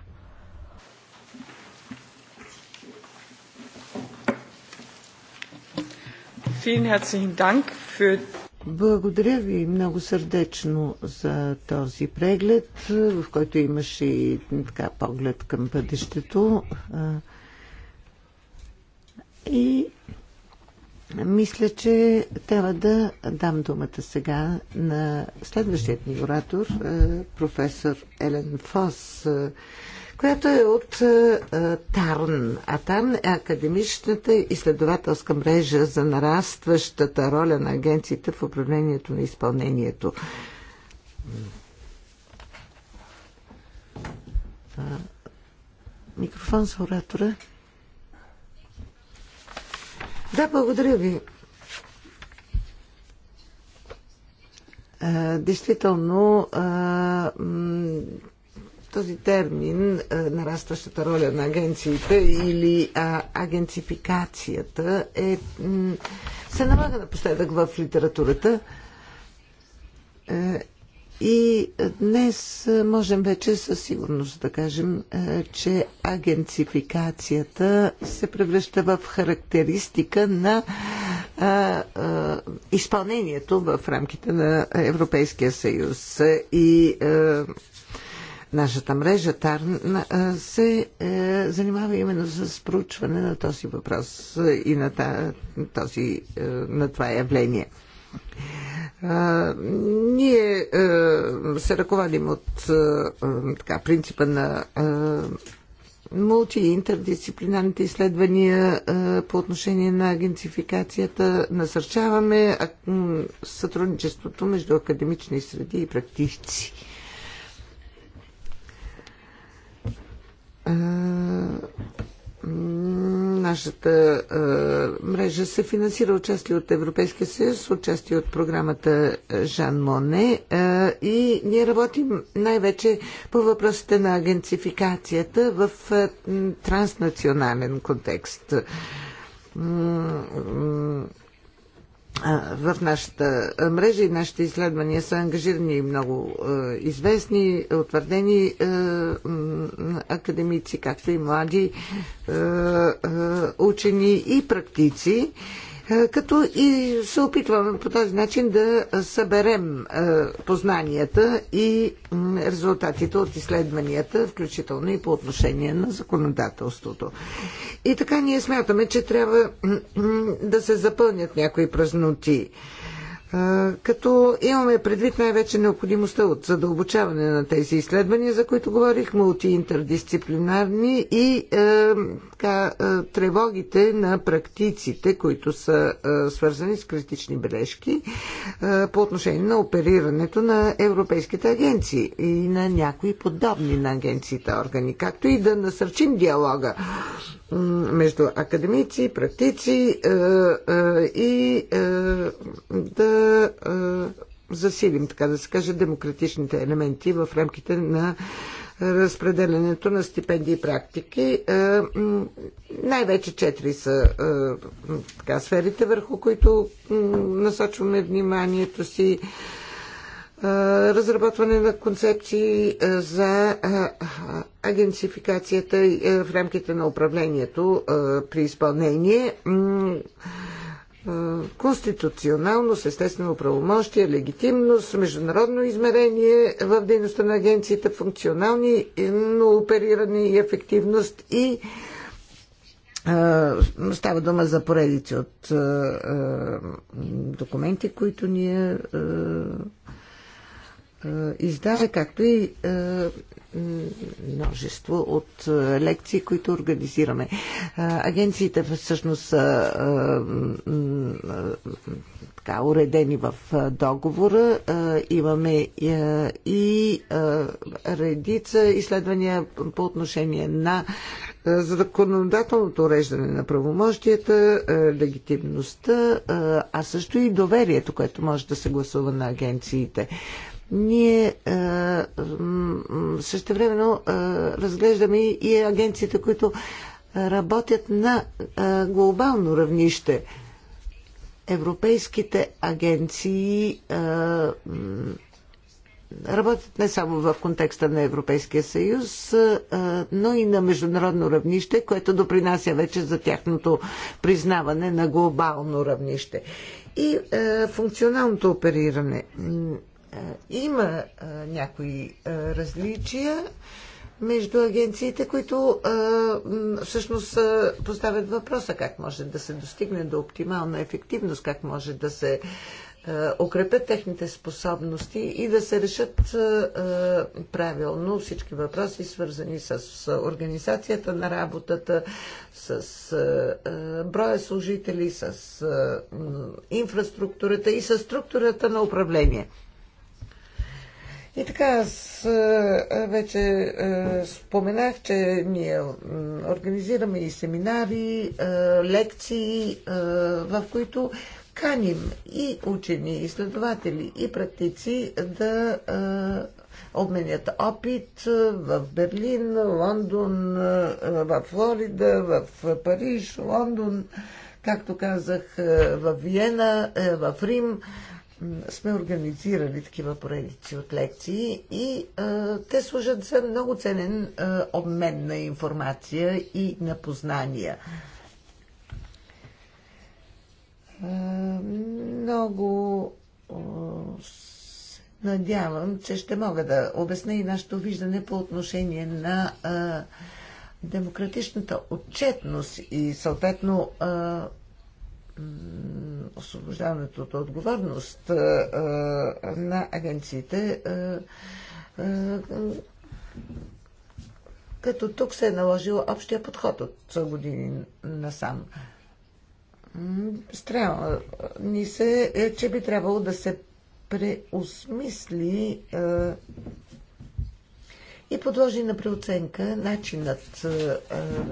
Благодаря ви много сърдечно за този преглед, в който имаше и така поглед към бъдещето. И мисля, че трябва да дам думата сега на следващият ни оратор, професор Елен Фос, която е от е, е, ТАРН. А ТАРН е академичната изследователска мрежа за нарастващата роля на агенциите в управлението на изпълнението. Микрофон за оратора. Да, благодаря ви. действително, този термин, нарастващата роля на агенциите или а, агенцификацията е, се налага напоследък в литературата. Е, и днес можем вече със сигурност да кажем, е, че агенцификацията се превръща в характеристика на а, а, изпълнението в рамките на Европейския съюз. И а, е, Нашата мрежа ТАРН се е, занимава именно с проучване на този въпрос и на, този, е, на това явление. Е, ние е, се ръководим от е, е, така, принципа на е, мулти- и интердисциплинарните изследвания е, по отношение на агенцификацията. Насърчаваме е, сътрудничеството между академични среди и практици. Нашата а, мрежа се финансира отчасти от Европейския съюз, отчасти от програмата Жан Моне а, и ние работим най-вече по въпросите на агенцификацията в а, транснационален контекст в нашата мрежа и нашите изследвания са ангажирани и много известни, утвърдени академици, както и млади учени и практици. Е, като и се опитваме по този начин да съберем е, познанията и резултатите от изследванията, включително и по отношение на законодателството. И така ние смятаме, че трябва да се запълнят някои празноти е, като имаме предвид най-вече необходимостта от задълбочаване на тези изследвания, за които говорих, мултиинтердисциплинарни и така е, тревогите на практиците, които са е, свързани с критични бележки е, по отношение на оперирането на европейските агенции и на някои подобни на агенциите органи, както и да насърчим диалога между академици, практици и да засилим, така да се каже, демократичните елементи в рамките на разпределянето на стипендии и практики. Е, най-вече четири са е, така, сферите, върху които насочваме вниманието си. Е, разработване на концепции за агенцификацията в рамките на управлението при изпълнение е, конституционалност, естествено правомощие, легитимност, международно измерение в дейността на агенцията, функционални но опериране и ефективност и е, Става дума за поредици от е, документи, които ние издава, както и множество от лекции, които организираме. Агенциите всъщност са така, уредени в договора. Имаме и редица изследвания по отношение на законодателното уреждане на правомощията, легитимността, а също и доверието, което може да се гласува на агенциите. Ние а, е, е, разглеждаме и агенциите, които работят на е, глобално равнище. Европейските агенции работят не само в контекста на Европейския съюз, но и на международно равнище, което допринася вече за тяхното признаване на глобално равнище. И а, функционалното опериране. Е, има е, някои е, различия между агенциите, които всъщност поставят въпроса как може да се достигне до оптимална ефективност, как може да се укрепят техните способности и да се решат правилно всички въпроси, свързани с организацията на работата, с броя служители, с инфраструктурата и с структурата на управление. И така, аз е, вече е, споменах, че ние организираме и семинари, е, лекции, в които каним и учени, изследователи, и практици да обменят опит в Берлин, Лондон, в Флорида, в Париж, Лондон, както казах, в Виена, в Рим сме организирали такива поредици от лекции и а, те служат за много ценен а, обмен на информация и на познания. много надявам, че ще мога да обясня и нашето виждане по отношение на а, демократичната отчетност и съответно а, освобождаването от отговорност на агенциите, като тук се е наложил общия подход от години насам. Стрява ни се, е, че би трябвало да се преосмисли и подложи на преоценка начинът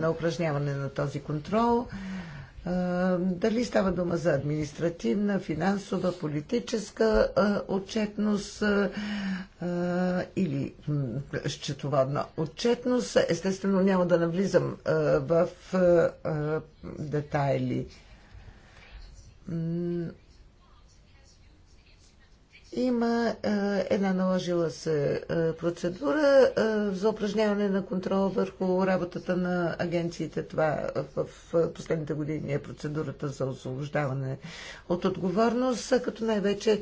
на упражняване на този контрол, дали става дума за административна, финансова, политическа отчетност или счетоводна отчетност, естествено няма да навлизам в детайли. Има е, една наложила се е, процедура е, за упражняване на контрол върху работата на агенциите. Това е, в, в последните години е процедурата за освобождаване от отговорност, като най-вече е,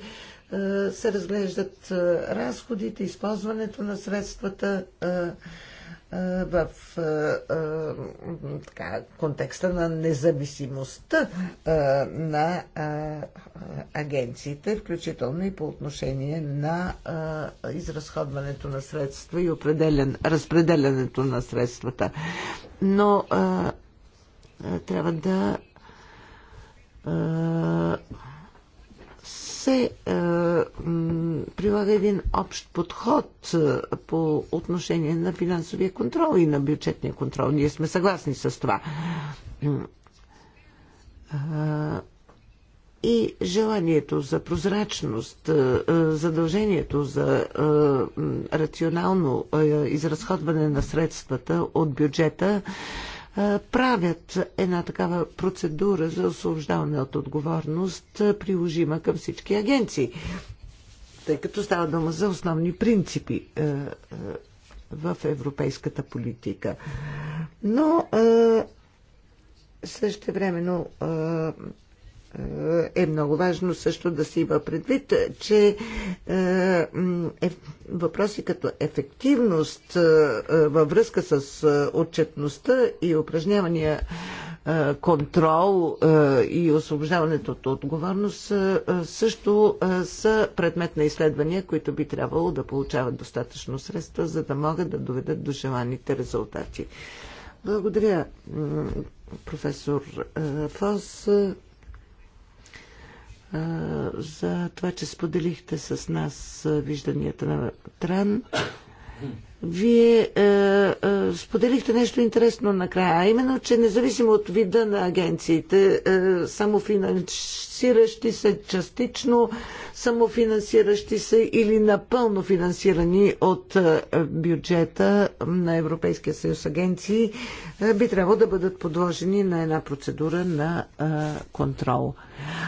се разглеждат е, разходите, използването на средствата. Е, в така, контекста на независимостта на агенциите, включително и по отношение на изразходването на средства и определен, разпределянето на средствата. Но трябва да се е, прилага един общ подход е, по отношение на финансовия контрол и на бюджетния контрол. Ние сме съгласни с това. Е, и желанието за прозрачност, е, задължението за рационално изразходване на средствата от бюджета правят една такава процедура за освобождаване от отговорност, приложима към всички агенции, тъй като става дума за основни принципи в европейската политика. Но също времено е много важно също да се има предвид, че е, въпроси като ефективност е, във връзка с е, отчетността и упражнявания е, контрол и освобождаването от отговорност също са предмет на изследвания, които би трябвало да получават достатъчно средства, за да могат да доведат до желаните резултати. Благодаря, професор Фос за това, че споделихте с нас вижданията на Тран вие е, е, споделихте нещо интересно накрая, а именно, че независимо от вида на агенциите, е, самофинансиращи се частично, самофинансиращи се или напълно финансирани от е, бюджета на Европейския съюз агенции, е, би трябвало да бъдат подложени на една процедура на е, контрол.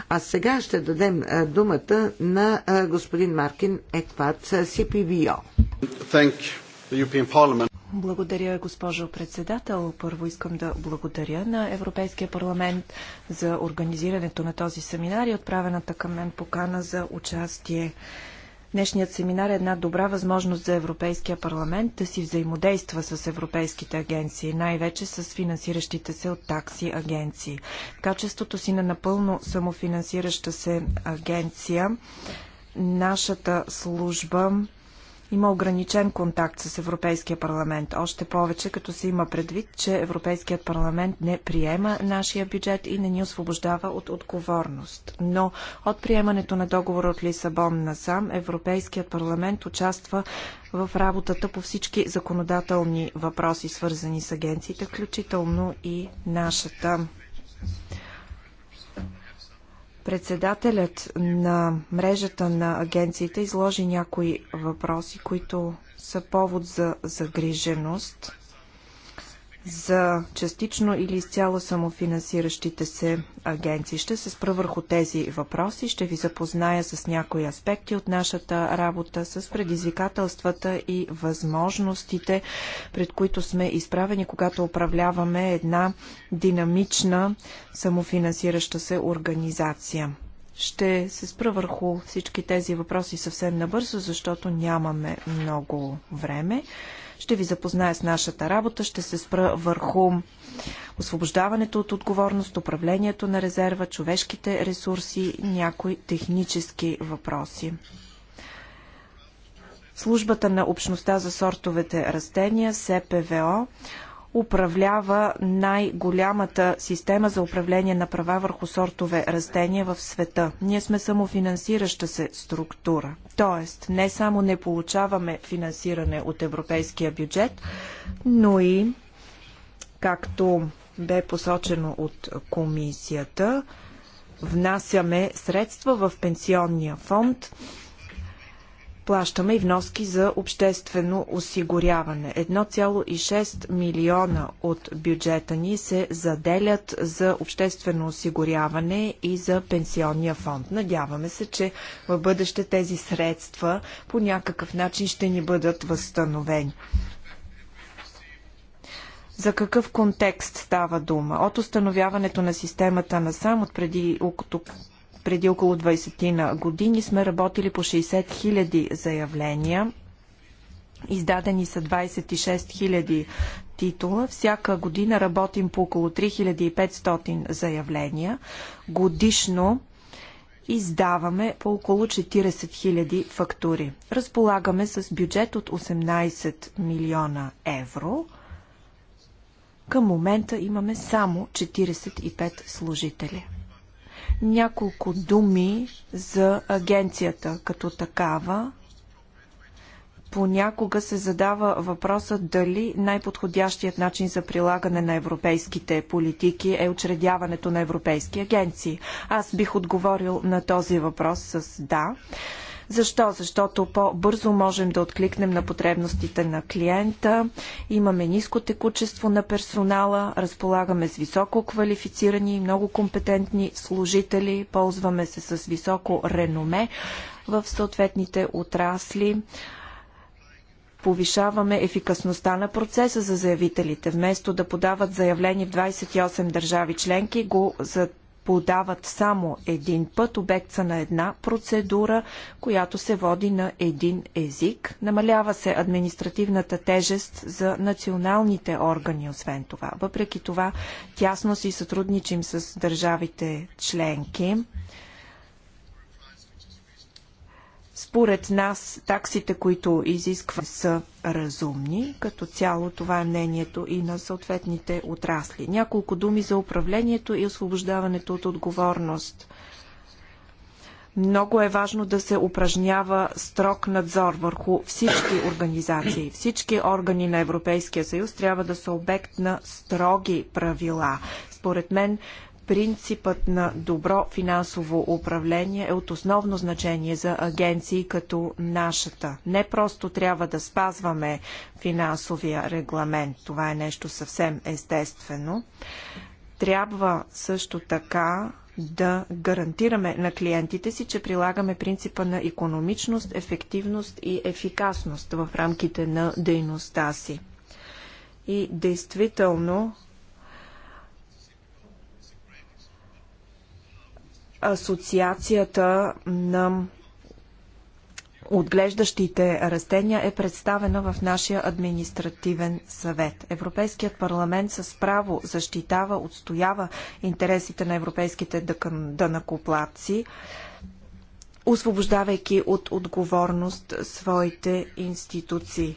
А сега ще дадем е, думата на е, господин Маркин Екват, CPVO. Е, Thank you. Благодаря, госпожо председател. Първо искам да благодаря на Европейския парламент за организирането на този семинар и отправената към мен покана за участие. Днешният семинар е една добра възможност за Европейския парламент да си взаимодейства с европейските агенции, най-вече с финансиращите се от такси агенции. В качеството си на напълно самофинансираща се агенция, нашата служба има ограничен контакт с Европейския парламент. Още повече, като се има предвид, че Европейският парламент не приема нашия бюджет и не ни освобождава от отговорност. Но от приемането на договора от Лисабон насам, Европейският парламент участва в работата по всички законодателни въпроси, свързани с агенциите, включително и нашата. Председателят на мрежата на агенциите изложи някои въпроси, които са повод за загриженост за частично или изцяло самофинансиращите се агенции. Ще се спра върху тези въпроси, ще ви запозная с някои аспекти от нашата работа, с предизвикателствата и възможностите, пред които сме изправени, когато управляваме една динамична самофинансираща се организация. Ще се спра върху всички тези въпроси съвсем набързо, защото нямаме много време. Ще ви запозная с нашата работа, ще се спра върху освобождаването от отговорност, управлението на резерва, човешките ресурси, някои технически въпроси. Службата на общността за сортовете растения, СПВО, управлява най-голямата система за управление на права върху сортове растения в света. Ние сме самофинансираща се структура. Тоест, не само не получаваме финансиране от европейския бюджет, но и, както бе посочено от комисията, внасяме средства в пенсионния фонд плащаме и вноски за обществено осигуряване. 1,6 милиона от бюджета ни се заделят за обществено осигуряване и за пенсионния фонд. Надяваме се, че в бъдеще тези средства по някакъв начин ще ни бъдат възстановени. За какъв контекст става дума? От установяването на системата на сам от преди преди около 20 на години сме работили по 60 000 заявления. Издадени са 26 000 титула. Всяка година работим по около 3500 заявления. Годишно издаваме по около 40 000 фактури. Разполагаме с бюджет от 18 милиона евро. Към момента имаме само 45 служители. Няколко думи за агенцията като такава. Понякога се задава въпроса дали най-подходящият начин за прилагане на европейските политики е учредяването на европейски агенции. Аз бих отговорил на този въпрос с да. Защо? Защото по-бързо можем да откликнем на потребностите на клиента, имаме ниско текучество на персонала, разполагаме с високо квалифицирани и много компетентни служители, ползваме се с високо реноме в съответните отрасли повишаваме ефикасността на процеса за заявителите. Вместо да подават заявление в 28 държави членки, го за подават само един път, обект са на една процедура, която се води на един език. Намалява се административната тежест за националните органи, освен това. Въпреки това, тясно си сътрудничим с държавите членки. Според нас таксите, които изисква, са разумни. Като цяло това е мнението и на съответните отрасли. Няколко думи за управлението и освобождаването от отговорност. Много е важно да се упражнява строг надзор върху всички организации. Всички органи на Европейския съюз трябва да са обект на строги правила. Според мен принципът на добро финансово управление е от основно значение за агенции като нашата. Не просто трябва да спазваме финансовия регламент, това е нещо съвсем естествено. Трябва също така да гарантираме на клиентите си, че прилагаме принципа на економичност, ефективност и ефикасност в рамките на дейността си. И действително Асоциацията на отглеждащите растения е представена в нашия административен съвет. Европейският парламент с право защитава, отстоява интересите на европейските дънакоплатци, освобождавайки от отговорност своите институции.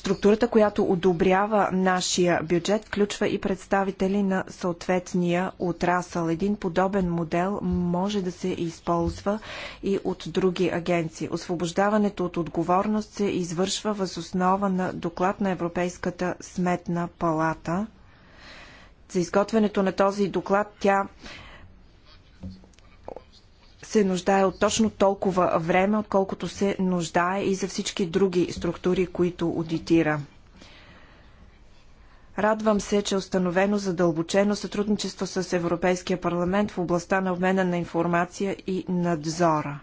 Структурата, която одобрява нашия бюджет, включва и представители на съответния отрасъл. Един подобен модел може да се използва и от други агенции. Освобождаването от отговорност се извършва въз основа на доклад на Европейската сметна палата. За изготвянето на този доклад тя се нуждае от точно толкова време, отколкото се нуждае и за всички други структури, които аудитира. Радвам се, че е установено задълбочено сътрудничество с Европейския парламент в областта на обмена на информация и надзора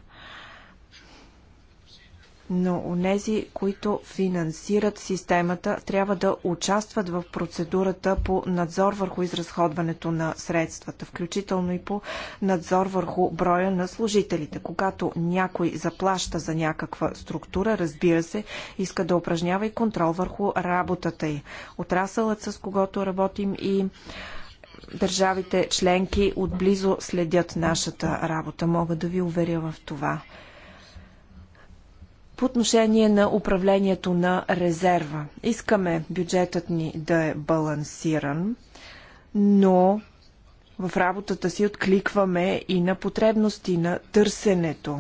но онези, които финансират системата, трябва да участват в процедурата по надзор върху изразходването на средствата, включително и по надзор върху броя на служителите. Когато някой заплаща за някаква структура, разбира се, иска да упражнява и контрол върху работата й. Отрасълът, с когото работим и държавите членки отблизо следят нашата работа. Мога да ви уверя в това по отношение на управлението на резерва. Искаме бюджетът ни да е балансиран, но в работата си откликваме и на потребности на търсенето.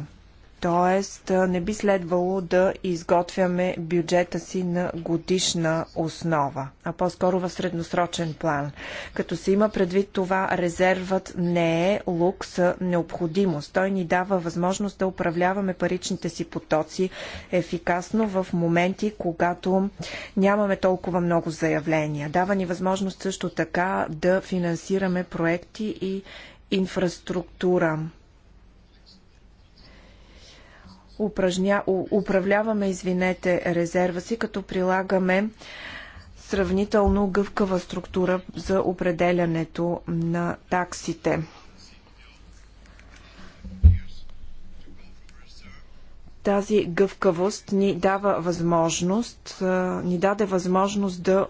Тоест, не би следвало да изготвяме бюджета си на годишна основа, а по-скоро в средносрочен план. Като се има предвид това, резервът не е лукс, а необходимост. Той ни дава възможност да управляваме паричните си потоци ефикасно в моменти, когато нямаме толкова много заявления. Дава ни възможност също така да финансираме проекти и инфраструктура упражня, управляваме, извинете, резерва си, като прилагаме сравнително гъвкава структура за определянето на таксите. Тази гъвкавост ни дава възможност, ни даде възможност да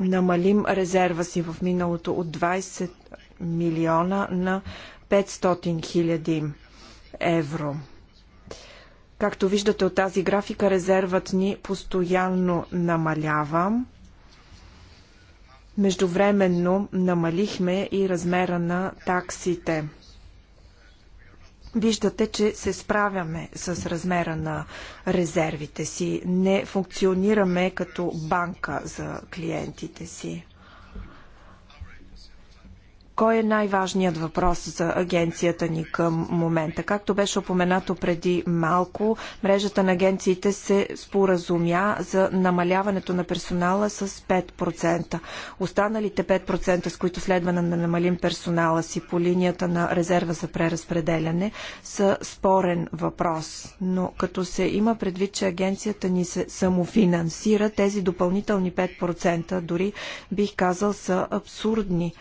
намалим резерва си в миналото от 20 милиона на 500 хиляди евро. Както виждате от тази графика, резервът ни постоянно намалява. Междувременно намалихме и размера на таксите. Виждате, че се справяме с размера на резервите си. Не функционираме като банка за клиентите си. Кой е най-важният въпрос за агенцията ни към момента? Както беше опоменато преди малко, мрежата на агенциите се споразумя за намаляването на персонала с 5%. Останалите 5%, с които следва да намалим персонала си по линията на резерва за преразпределяне, са спорен въпрос. Но като се има предвид, че агенцията ни се самофинансира, тези допълнителни 5% дори бих казал са абсурдни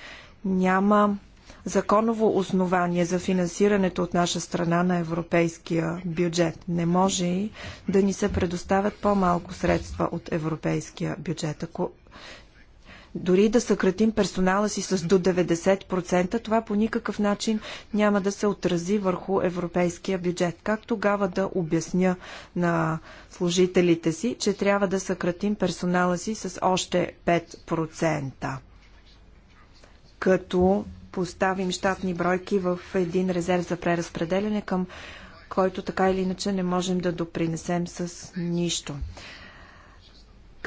няма законово основание за финансирането от наша страна на европейския бюджет. Не може и да ни се предоставят по-малко средства от европейския бюджет. Ако дори да съкратим персонала си с до 90%, това по никакъв начин няма да се отрази върху европейския бюджет. Как тогава да обясня на служителите си, че трябва да съкратим персонала си с още 5%? като поставим щатни бройки в един резерв за преразпределяне, към който така или иначе не можем да допринесем с нищо.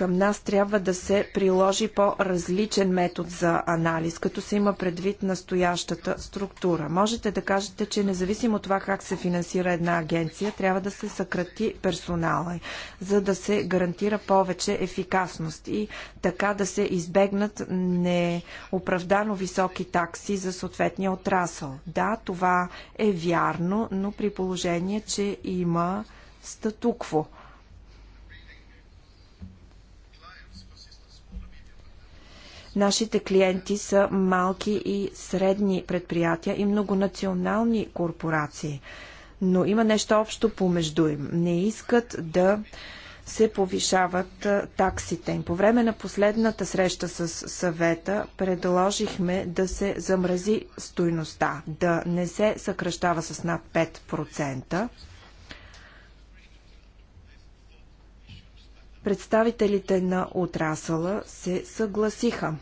Към нас трябва да се приложи по-различен метод за анализ, като се има предвид настоящата структура. Можете да кажете, че независимо от това как се финансира една агенция, трябва да се съкрати персонала, за да се гарантира повече ефикасност и така да се избегнат неоправдано високи такси за съответния отрасъл. Да, това е вярно, но при положение, че има статукво. Нашите клиенти са малки и средни предприятия и многонационални корпорации. Но има нещо общо помежду им. Не искат да се повишават таксите им. По време на последната среща с съвета предложихме да се замрази стойността, да не се съкръщава с над 5%. Представителите на отрасъла се съгласиха.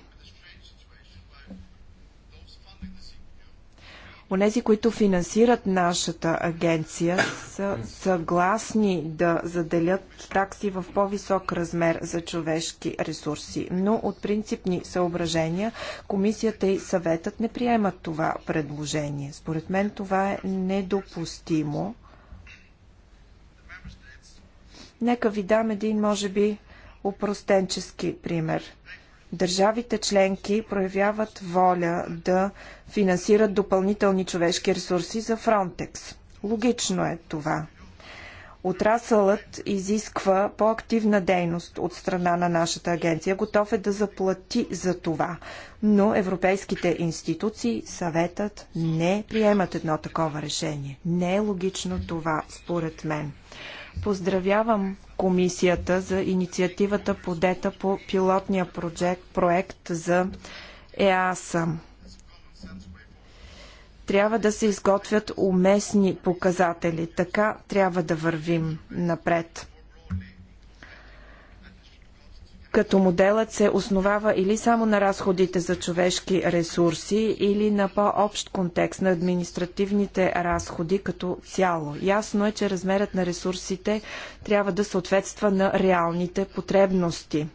Онези, които финансират нашата агенция, са съгласни да заделят такси в по-висок размер за човешки ресурси, но от принципни съображения комисията и съветът не приемат това предложение. Според мен това е недопустимо. Нека ви дам един, може би, упростенчески пример. Държавите членки проявяват воля да финансират допълнителни човешки ресурси за Фронтекс. Логично е това. Отрасълът изисква по-активна дейност от страна на нашата агенция. Готов е да заплати за това. Но европейските институции, съветът не приемат едно такова решение. Не е логично това, според мен. Поздравявам комисията за инициативата подета по пилотния проект, проект за ЕАСА. Трябва да се изготвят уместни показатели. Така трябва да вървим напред като моделът се основава или само на разходите за човешки ресурси, или на по-общ контекст на административните разходи като цяло. Ясно е, че размерът на ресурсите трябва да съответства на реалните потребности.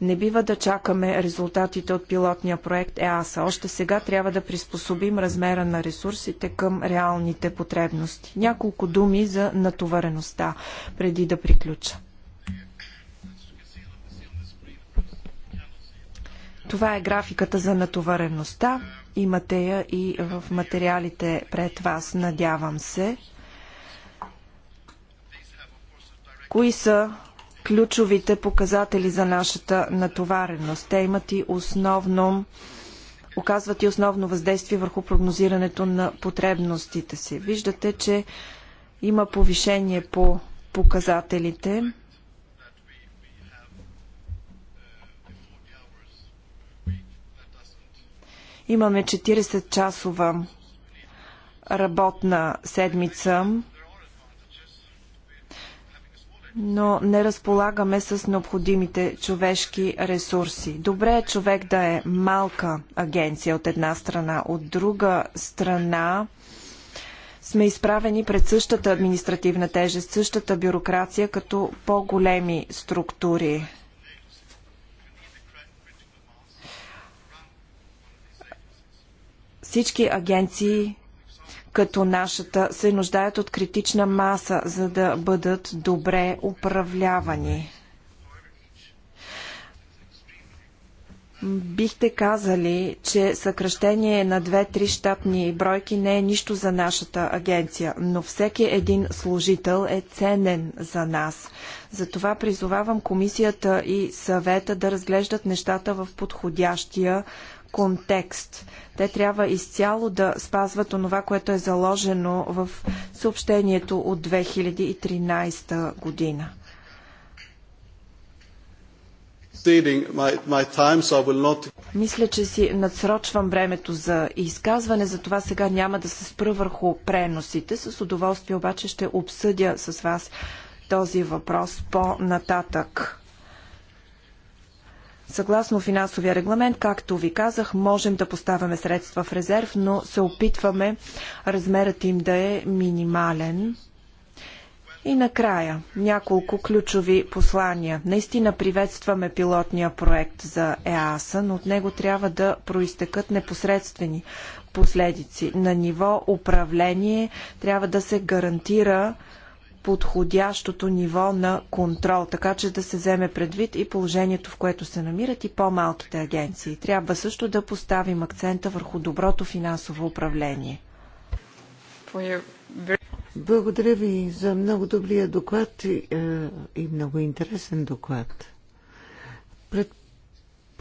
Не бива да чакаме резултатите от пилотния проект ЕАСА. Още сега трябва да приспособим размера на ресурсите към реалните потребности. Няколко думи за натовареността, преди да приключа. Това е графиката за натовареността. Имате я и в материалите пред вас, надявам се. Кои са ключовите показатели за нашата натовареност? Те имат и основно оказват и основно въздействие върху прогнозирането на потребностите си. Виждате, че има повишение по показателите. Имаме 40-часова работна седмица, но не разполагаме с необходимите човешки ресурси. Добре е човек да е малка агенция от една страна, от друга страна сме изправени пред същата административна тежест, същата бюрокрация като по-големи структури. Всички агенции като нашата се нуждаят от критична маса, за да бъдат добре управлявани. Бихте казали, че съкръщение на две-три щатни бройки не е нищо за нашата агенция, но всеки един служител е ценен за нас. Затова призовавам комисията и съвета да разглеждат нещата в подходящия контекст. Те трябва изцяло да спазват онова, което е заложено в съобщението от 2013 година. Мисля, че си надсрочвам времето за изказване, затова сега няма да се спра върху преносите. С удоволствие обаче ще обсъдя с вас този въпрос по-нататък. Съгласно финансовия регламент, както ви казах, можем да поставяме средства в резерв, но се опитваме размерът им да е минимален. И накрая няколко ключови послания. Наистина приветстваме пилотния проект за ЕАСА, но от него трябва да проистекат непосредствени последици. На ниво управление трябва да се гарантира подходящото ниво на контрол, така че да се вземе предвид и положението, в което се намират и по-малките агенции. Трябва също да поставим акцента върху доброто финансово управление. Благодаря ви за много добрия доклад и, е, и много интересен доклад. Пред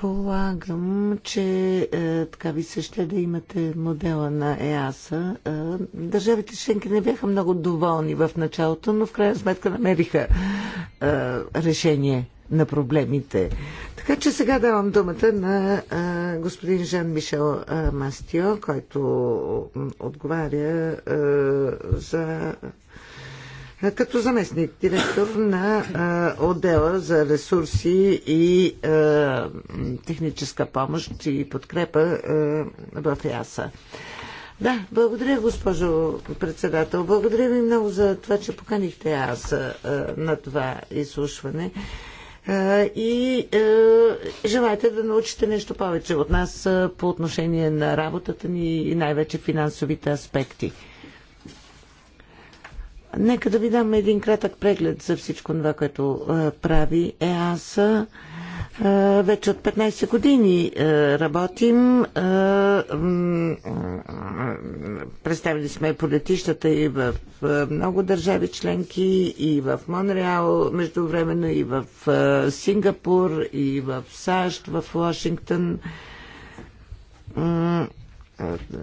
Предполагам, че е, така ви се ще да имате модела на ЕАСА. Е, държавите членки не бяха много доволни в началото, но в крайна сметка намериха е, решение на проблемите. Така че сега давам думата на е, господин Жан-Мишел е, Мастио, който отговаря е, за като заместник директор на отдела за ресурси и техническа помощ и подкрепа в ЯСА. Да, благодаря, госпожо председател. Благодаря ви много за това, че поканихте аз на това изслушване. И желаете да научите нещо повече от нас по отношение на работата ни и най-вече финансовите аспекти. Нека да ви дам един кратък преглед за всичко това, което а, прави ЕАСА. А, вече от 15 години а, работим. Е, представили сме по летищата и в много държави членки, и в Монреал, междувременно и в Сингапур, и в САЩ, в Вашингтон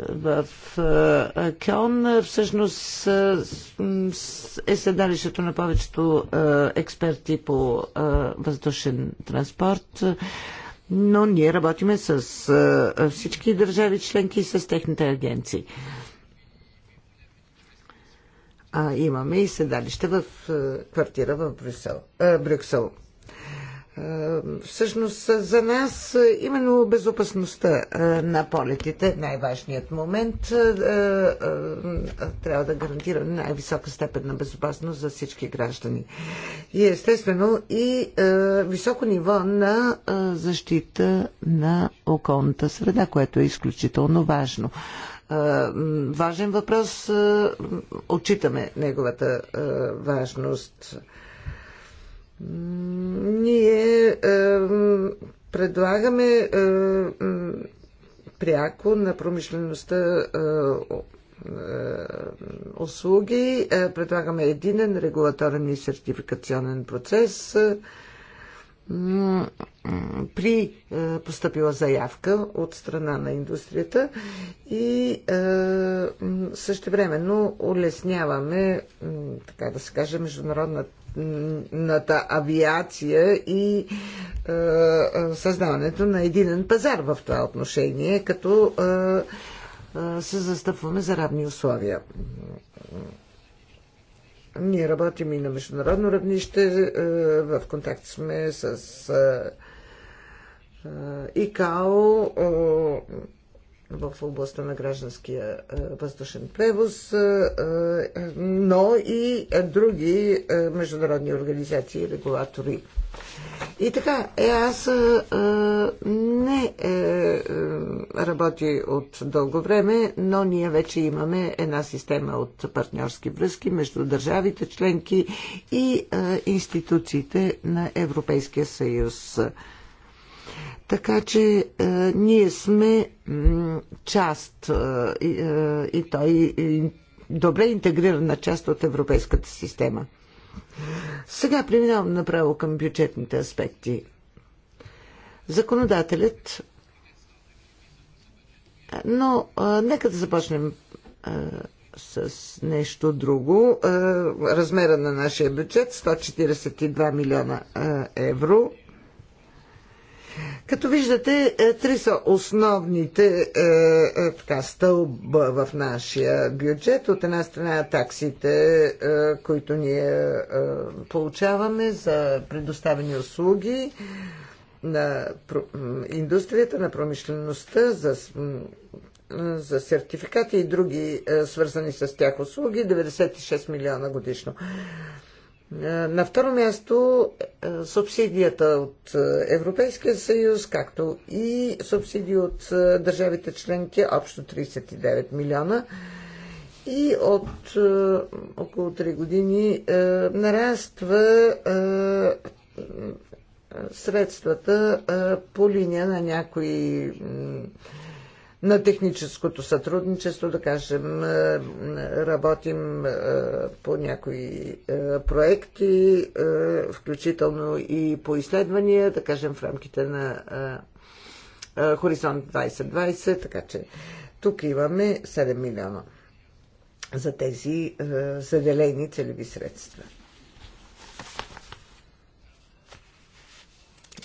в Кьон всъщност е седалището на повечето експерти по въздушен транспорт, но ние работиме с всички държави членки и с техните агенции. А имаме и седалище в квартира в Брюксел. Брюксел. Е, всъщност за нас е, именно безопасността е, на полетите, най-важният момент, трябва да гарантира най-висока степен на безопасност за всички граждани. И естествено и високо ниво на защита на околната среда, което е изключително важно. Важен въпрос, отчитаме неговата важност. Ние предлагаме пряко на промишлеността е, е, услуги, е, предлагаме единен регулаторен и сертификационен процес при поступила заявка от страна на индустрията и също времено улесняваме, така да се каже, международната цивилната авиация и създаването на единен пазар в това отношение, като се застъпваме за равни условия. Ние работим и на международно равнище, в контакт сме с ИКАО, в областта на гражданския е, въздушен превоз, е, е, но и други международни организации и регулатори. И така, ЕАС не е, работи от дълго време, но ние вече имаме една система от партньорски връзки между държавите членки и институциите на Европейския съюз. Така че е, ние сме м, част е, и е, той е, добре интегрирана част от европейската система. Сега преминавам направо към бюджетните аспекти. Законодателят. Но е, нека да започнем Е, с нещо друго. Е, размера на нашия бюджет 142 милиона е, евро като виждате, е, три са основните е, е, така, стълба в нашия бюджет. От една страна таксите, които ние получаваме за предоставени услуги на индустрията, на промишлеността, за, за сертификати и други свързани с тях услуги, 96 милиона годишно. Е, на второ място е, субсидията от е, Европейския съюз, както и субсидии от държавите членки, общо 39 милиона. И от около 3 години нараства средствата по линия на някои на техническото сътрудничество, да кажем, е, работим е, по някои е, проекти, включително и по изследвания, да кажем, в рамките на Хоризонт 2020, така че тук имаме 7 милиона за тези заделени целеви средства.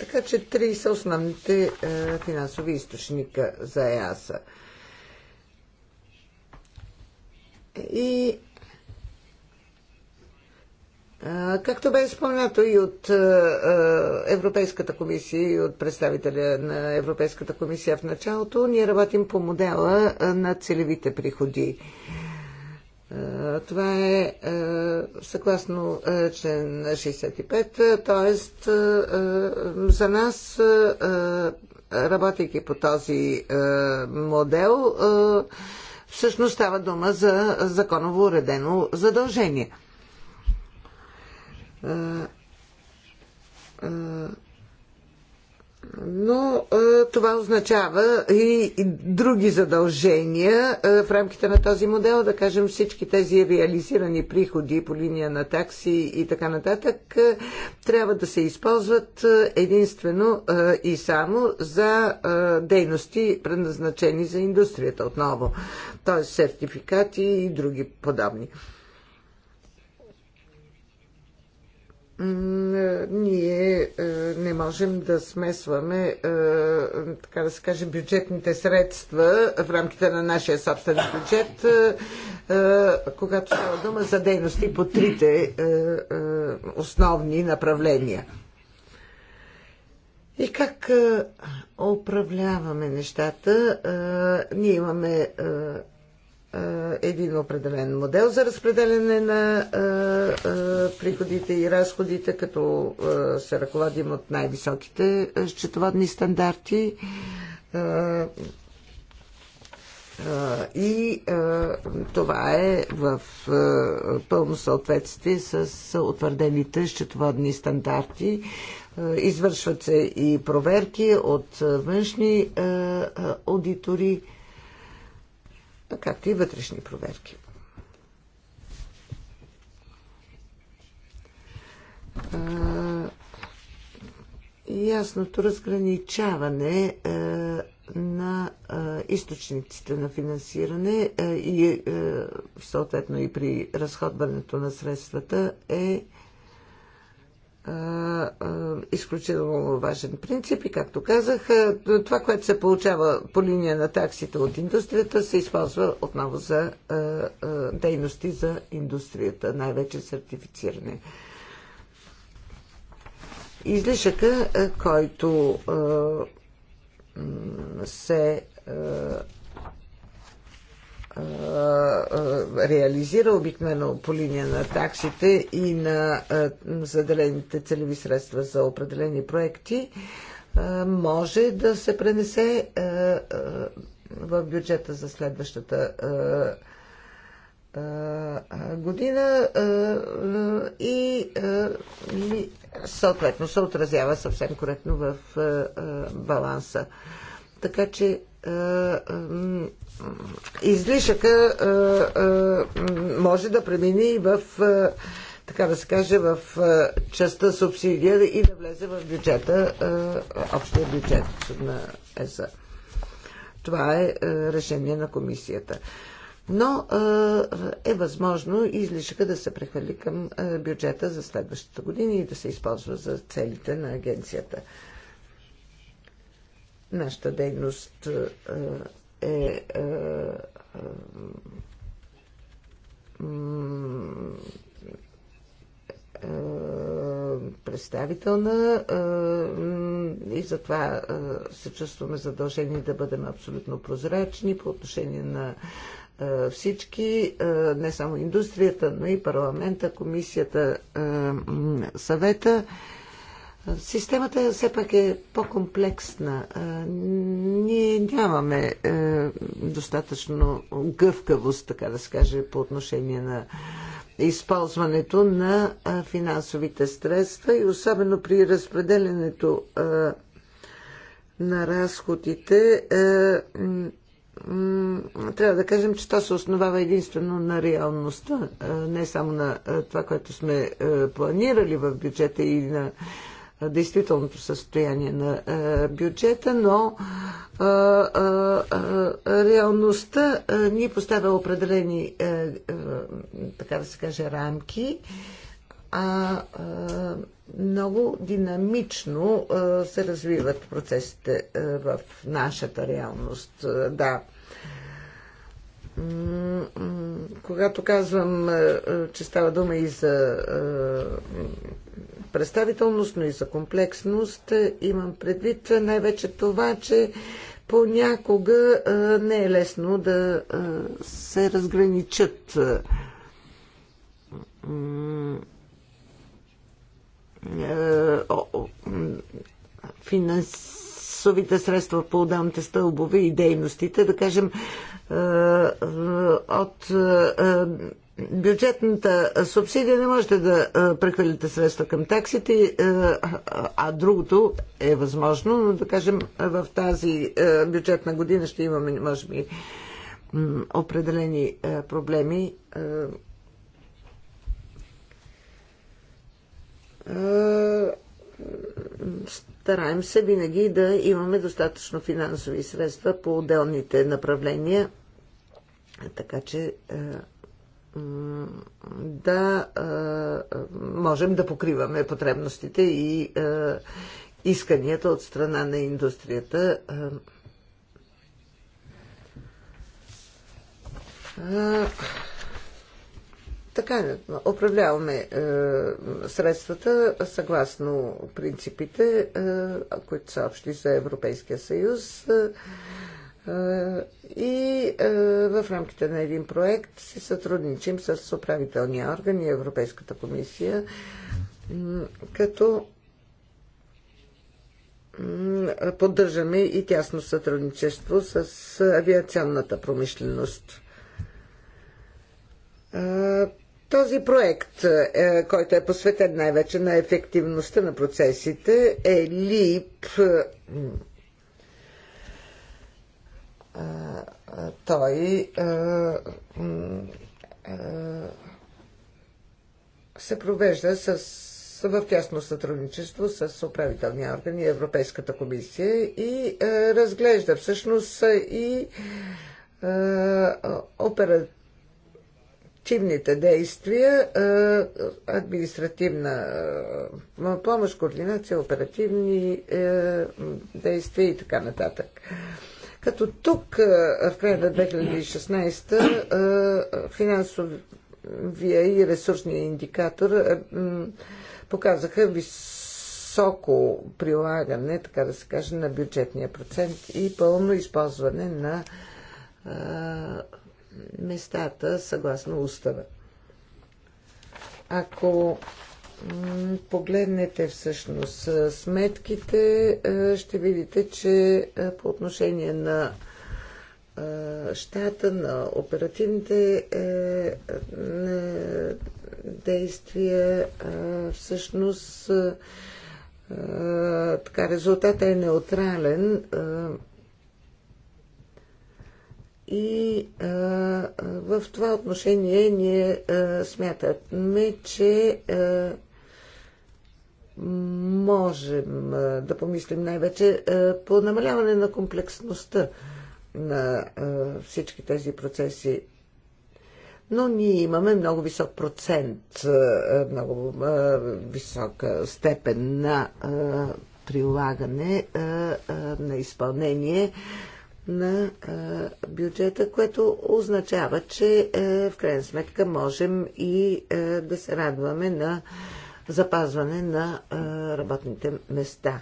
Така че три са основните е, финансови източника за ЕАСА. И е, Както бе изпълнято и от е, е, Европейската комисия и от представителя на Европейската комисия в началото, ние работим по модела на целевите приходи. Е, това е, е съгласно е, член 65, т.е. за нас, работейки по този модел, всъщност става дума за законово уредено задължение но е, това означава и други задължения е, в рамките на този модел, да кажем всички тези реализирани приходи по линия на такси и така нататък, е, трябва да се използват единствено и само за дейности, предназначени за индустрията отново, т.е. сертификати и други подобни. ние е, не можем да смесваме, е, така да се каже, бюджетните средства в рамките на нашия собствен бюджет, е, когато става дума за дейности по трите основни направления. И как управляваме нещата? Ние имаме е, един определен модел за разпределяне на е, е, приходите и разходите, като се ръководим от най-високите счетоводни стандарти и това е в пълно съответствие с утвърдените счетоводни стандарти. Извършват се и проверки от външни аудитори както и вътрешни проверки. Ясното разграничаване на източниците на финансиране и съответно и при разходването на средствата е изключително важен принцип и както казах, това, което се получава по линия на таксите от индустрията, се използва отново за дейности за индустрията, най-вече сертифициране. Излишъка, който се реализира обикновено по линия на таксите и на заделените целеви средства за определени проекти, може да се пренесе в бюджета за следващата година и съответно се отразява съвсем коректно в баланса. Така че е, е, излишъка е, може да премине и в така да се каже, в частта субсидия и да влезе в бюджета, общия бюджет на ЕСА. Това е решение на комисията. Но е възможно излишъка да се прехвърли към бюджета за следващата година и да се използва за целите на агенцията. Нашата дейност е представителна и затова се чувстваме задължени да бъдем абсолютно прозрачни по отношение на всички, не само индустрията, но и парламента, комисията, съвета. Системата все пак е по-комплексна. Ние нямаме е, достатъчно гъвкавост, така да се каже, по отношение на използването на финансовите средства и особено при разпределенето на разходите. Е, трябва да кажем, че то се основава единствено на реалността, не само на това, което сме е, планирали в бюджета и на действителното състояние на бюджета, но реалността ни поставя определени, така да се каже, рамки, а много динамично се развиват процесите в нашата реалност. Да когато казвам, че става дума и за представителност, но и за комплексност. Имам предвид най-вече това, че понякога не е лесно да се разграничат финансовите средства по отделните стълбове и дейностите, да кажем, от бюджетната субсидия не можете да прехвърлите средства към таксите, а другото е възможно, но да кажем в тази бюджетна година ще имаме, може би, определени проблеми. Стараем се винаги да имаме достатъчно финансови средства по отделните направления, така че да можем да покриваме потребностите и исканията от страна на индустрията. Така, управляваме е, средствата съгласно принципите, е, които са общи за Европейския съюз. Е, и в рамките на един проект си сътрудничим с управителния орган и Европейската комисия, като поддържаме и тясно сътрудничество с авиационната промишленост. Този проект, е, който е посветен най-вече на ефективността на процесите, е ЛИП той е, е, се провежда с, в тясно сътрудничество с управителния орган и Европейската комисия и е, разглежда всъщност и е, оперативните действия, е, административна е, помощ, координация, оперативни е, действия и така нататък. Като тук в края на 2016 финансовия и ресурсния индикатор показаха високо прилагане, така да се каже, на бюджетния процент и пълно използване на местата съгласно устава. Ако погледнете всъщност сметките, ще видите, че по отношение на щата, на оперативните е, е, действия, всъщност така, резултата е неутрален и а, в това отношение ние а, смятаме, че а, можем да помислим най-вече по намаляване на комплексността на всички тези процеси. Но ние имаме много висок процент, много висока степен на прилагане, на изпълнение на бюджета, което означава, че в крайна сметка можем и да се радваме на запазване на работните места.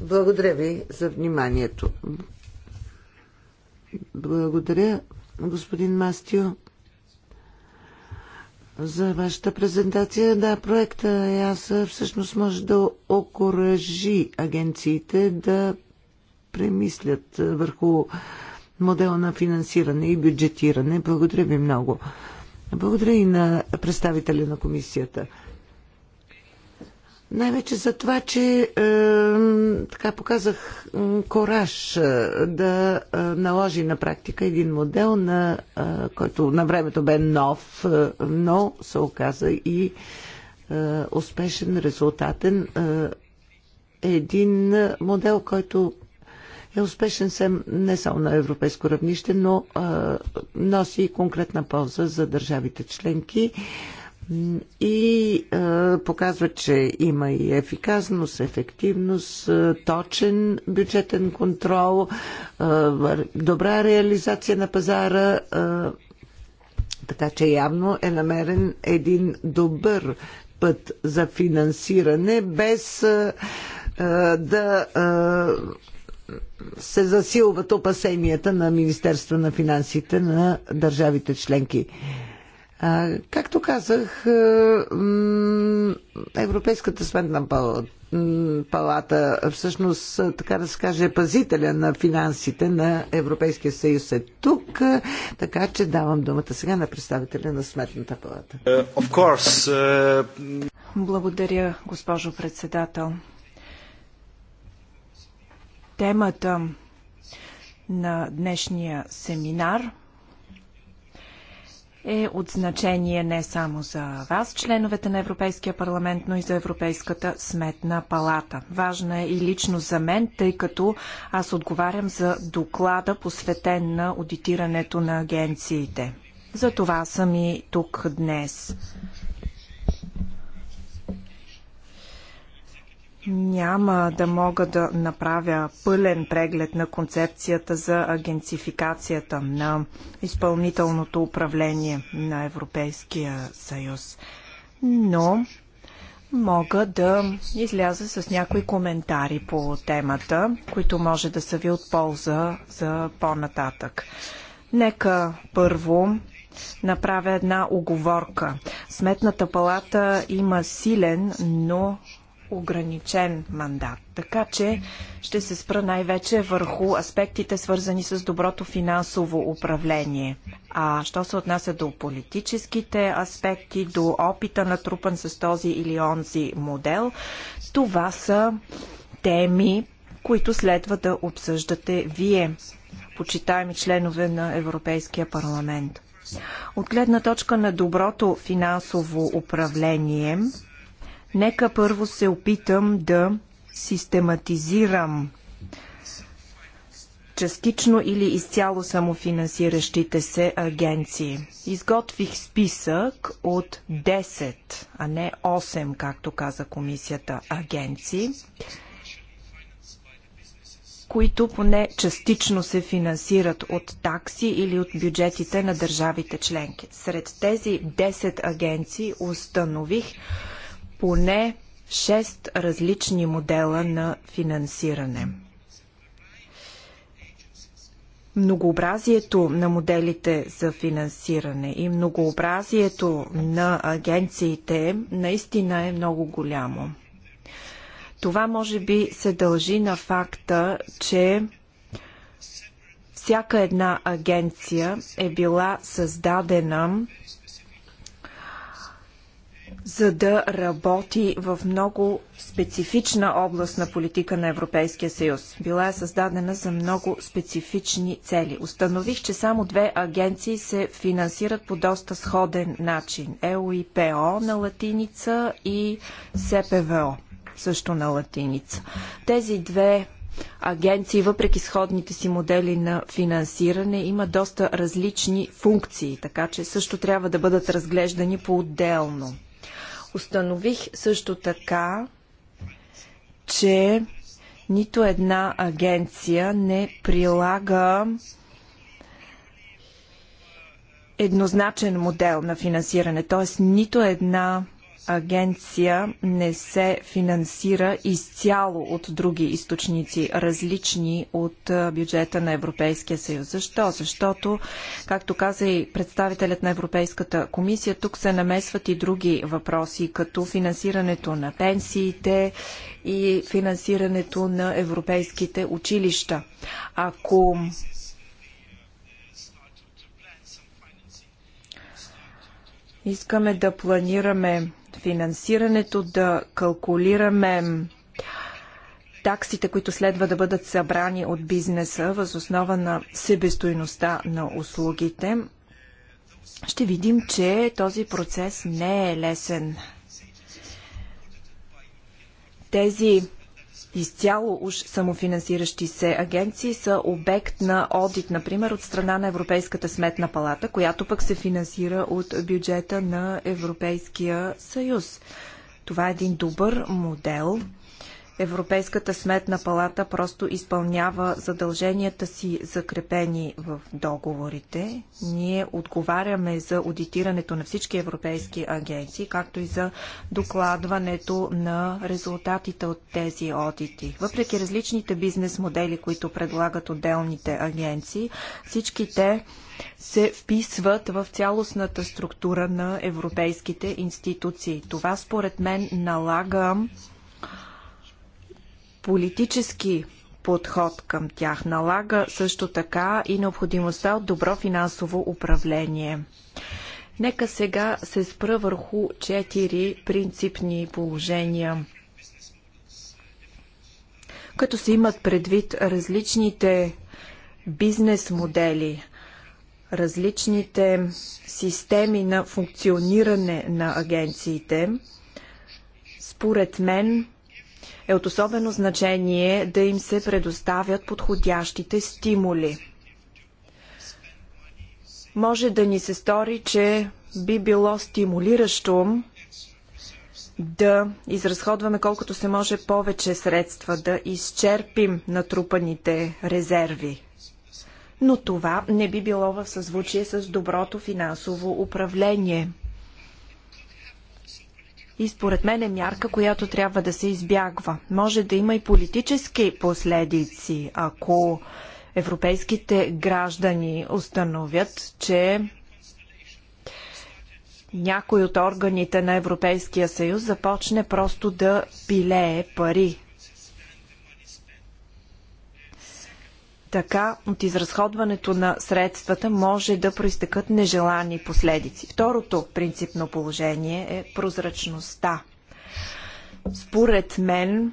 Благодаря ви за вниманието. Благодаря, господин Мастио, за вашата презентация. Да, проекта аз всъщност може да окоръжи агенциите да премислят върху модел на финансиране и бюджетиране. Благодаря ви много. Благодаря и на представителя на комисията. Най-вече за това, че е, така показах е, кораж е, да е, наложи на практика един модел, на, е, който на времето бе нов, е, но се оказа и е, успешен, резултатен. Е, един модел, който е успешен съм не само на европейско равнище, но а, носи конкретна полза за държавите членки и а, показва, че има и ефикасност, ефективност, точен бюджетен контрол, а, добра реализация на пазара. А, така че явно е намерен един добър път за финансиране без да се засилват опасенията на Министерство на финансите на държавите членки. Както казах, Европейската сметна палата всъщност, така да се каже, е пазителя на финансите на Европейския съюз е тук, така че давам думата сега на представителя на сметната палата. Е, е, Благодаря, госпожо председател темата на днешния семинар е от значение не само за вас, членовете на Европейския парламент, но и за Европейската сметна палата. Важна е и лично за мен, тъй като аз отговарям за доклада, посветен на аудитирането на агенциите. За това съм и тук днес. няма да мога да направя пълен преглед на концепцията за агенцификацията на изпълнителното управление на Европейския съюз. Но мога да изляза с някои коментари по темата, които може да са ви от полза за по-нататък. Нека първо направя една оговорка. Сметната палата има силен, но ограничен мандат. Така че ще се спра най-вече върху аспектите, свързани с доброто финансово управление. А що се отнася до политическите аспекти, до опита на трупан с този или онзи модел, това са теми, които следва да обсъждате вие, почитаеми членове на Европейския парламент. От гледна точка на доброто финансово управление, Нека първо се опитам да систематизирам частично или изцяло самофинансиращите се агенции. Изготвих списък от 10, а не 8, както каза комисията, агенции, които поне частично се финансират от такси или от бюджетите на държавите членки. Сред тези 10 агенции установих, поне 6 различни модела на финансиране. Многообразието на моделите за финансиране и многообразието на агенциите наистина е много голямо. Това може би се дължи на факта, че всяка една агенция е била създадена за да работи в много специфична област на политика на Европейския съюз. Била е създадена за много специфични цели. Установих, че само две агенции се финансират по доста сходен начин. ЕОИПО на латиница и СПВО също на латиница. Тези две агенции, въпреки сходните си модели на финансиране, има доста различни функции, така че също трябва да бъдат разглеждани по-отделно. Установих също така, че нито една агенция не прилага еднозначен модел на финансиране, т.е. нито една агенция не се финансира изцяло от други източници, различни от бюджета на Европейския съюз. Защо? Защото, както каза и представителят на Европейската комисия, тук се намесват и други въпроси, като финансирането на пенсиите и финансирането на европейските училища. Ако искаме да планираме финансирането да калкулираме таксите, които следва да бъдат събрани от бизнеса въз основа на себестойността на услугите, ще видим, че този процес не е лесен. Тези изцяло уж самофинансиращи се агенции са обект на одит, например, от страна на Европейската сметна палата, която пък се финансира от бюджета на Европейския съюз. Това е един добър модел, Европейската сметна палата просто изпълнява задълженията си закрепени в договорите. Ние отговаряме за аудитирането на всички европейски агенции, както и за докладването на резултатите от тези одити. Въпреки различните бизнес модели, които предлагат отделните агенции, всички те се вписват в цялостната структура на европейските институции. Това според мен налага политически подход към тях. Налага също така и необходимостта от добро финансово управление. Нека сега се спра върху четири принципни положения. Като се имат предвид различните бизнес модели, различните системи на функциониране на агенциите, според мен е от особено значение да им се предоставят подходящите стимули. Може да ни се стори, че би било стимулиращо да изразходваме колкото се може повече средства, да изчерпим натрупаните резерви. Но това не би било в съзвучие с доброто финансово управление – и според мен е мярка, която трябва да се избягва. Може да има и политически последици, ако европейските граждани установят, че някой от органите на Европейския съюз започне просто да пилее пари Така от изразходването на средствата може да проистекат нежелани последици. Второто принципно положение е прозрачността. Според мен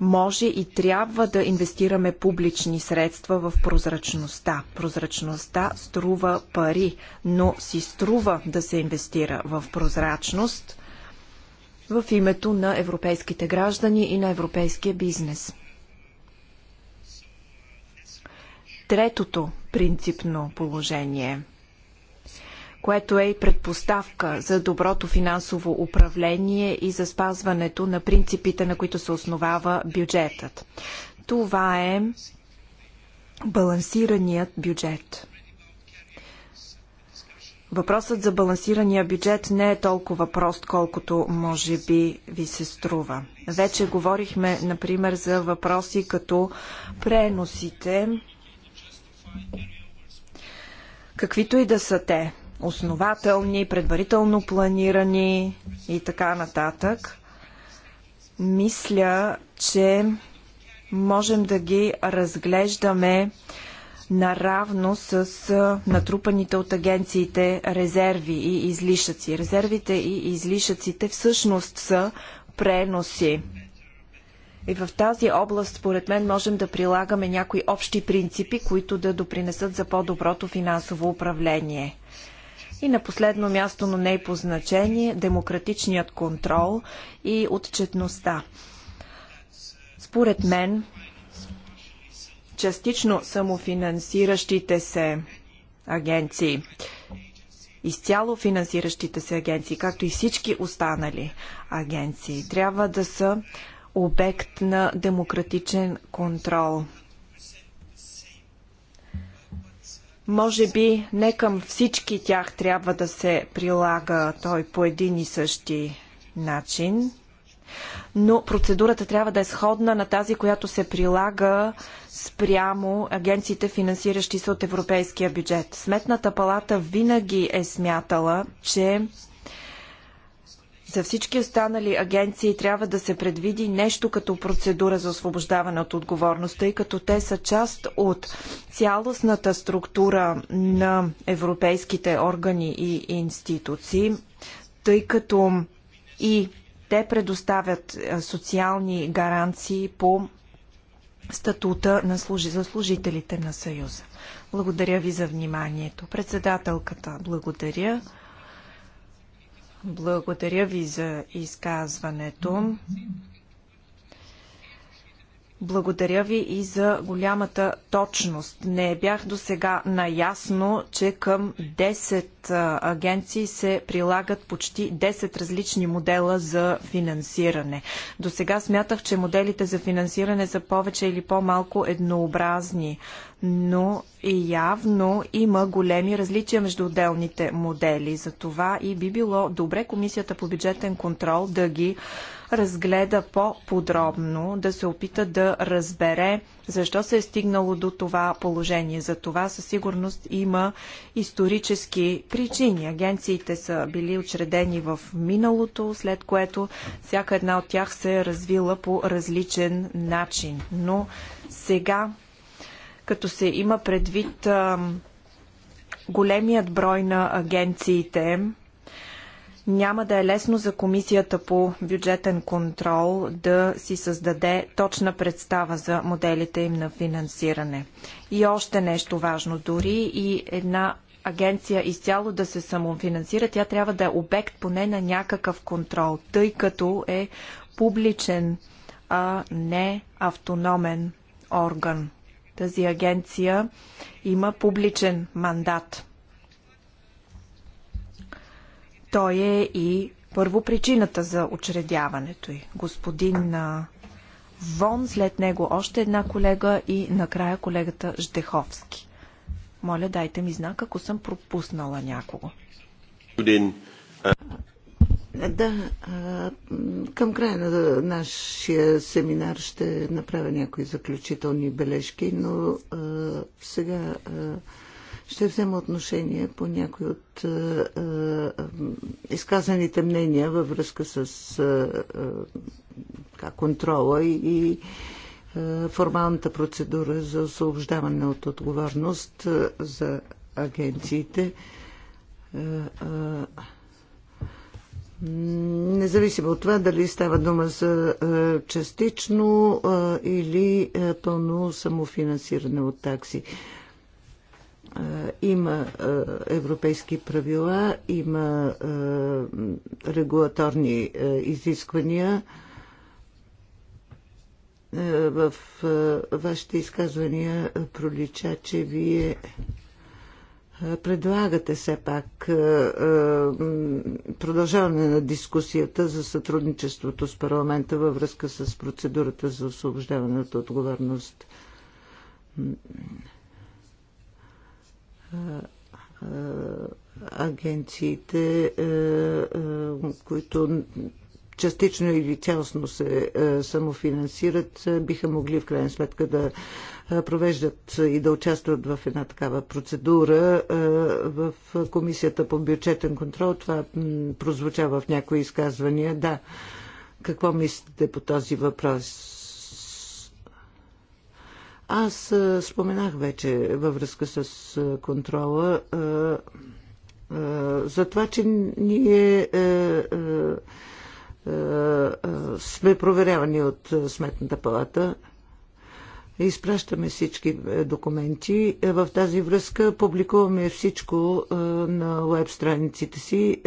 може и трябва да инвестираме публични средства в прозрачността. Прозрачността струва пари, но си струва да се инвестира в прозрачност в името на европейските граждани и на европейския бизнес. третото принципно положение, което е и предпоставка за доброто финансово управление и за спазването на принципите, на които се основава бюджетът. Това е балансираният бюджет. Въпросът за балансирания бюджет не е толкова прост, колкото може би ви се струва. Вече говорихме, например, за въпроси като преносите, каквито и да са те основателни, предварително планирани и така нататък, мисля, че можем да ги разглеждаме наравно с натрупаните от агенциите резерви и излишъци. Резервите и излишъците всъщност са преноси и в тази област, според мен, можем да прилагаме някои общи принципи, които да допринесат за по-доброто финансово управление. И на последно място, но не и по значение, демократичният контрол и отчетността. Според мен, частично самофинансиращите се агенции, изцяло финансиращите се агенции, както и всички останали агенции, трябва да са обект на демократичен контрол. Може би не към всички тях трябва да се прилага той по един и същи начин, но процедурата трябва да е сходна на тази, която се прилага спрямо агенциите, финансиращи се от европейския бюджет. Сметната палата винаги е смятала, че за всички останали агенции трябва да се предвиди нещо като процедура за освобождаване от отговорност, тъй като те са част от цялостната структура на европейските органи и институции, тъй като и те предоставят е, социални гаранции по статута на служи, за служителите на Съюза. Благодаря ви за вниманието. Председателката, благодаря. Благодаря ви за изказването. Благодаря ви и за голямата точност. Не бях до сега наясно, че към 10 агенции се прилагат почти 10 различни модела за финансиране. До сега смятах, че моделите за финансиране са повече или по-малко еднообразни, но и явно има големи различия между отделните модели. Затова и би било добре Комисията по бюджетен контрол да ги разгледа по-подробно, да се опита да разбере защо се е стигнало до това положение. За това със сигурност има исторически причини. Агенциите са били учредени в миналото, след което всяка една от тях се е развила по различен начин. Но сега, като се има предвид големият брой на агенциите, няма да е лесно за Комисията по бюджетен контрол да си създаде точна представа за моделите им на финансиране. И още нещо важно, дори и една агенция изцяло да се самофинансира, тя трябва да е обект поне на някакъв контрол, тъй като е публичен, а не автономен орган. Тази агенция има публичен мандат. Той е и първо причината за учредяването й. Господин Вон, след него още една колега и накрая колегата Ждеховски. Моля, дайте ми знак, ако съм пропуснала някого. Да, към края на нашия семинар ще направя някои заключителни бележки, но сега ще взема отношение по някои от е, е, изказаните мнения във връзка с е, е контрола и, и е, формалната процедура за освобождаване от отговорност е, за агенциите. Независимо от това дали става дума за частично или пълно самофинансиране от такси има европейски правила, има регулаторни изисквания. В вашите изказвания пролича, че вие предлагате все пак продължаване на дискусията за сътрудничеството с парламента във връзка с процедурата за освобождаване от отговорност агенциите, е, е, които частично или цялостно се е, самофинансират, биха могли в крайна сметка да провеждат и да участват в една такава процедура в Комисията по бюджетен контрол. Това прозвучава в някои изказвания. Да, какво мислите по този въпрос? Аз споменах вече във връзка с контрола за това, че ние е, е, е, сме проверявани от Сметната палата. Изпращаме всички документи. В тази връзка публикуваме всичко на веб страниците си.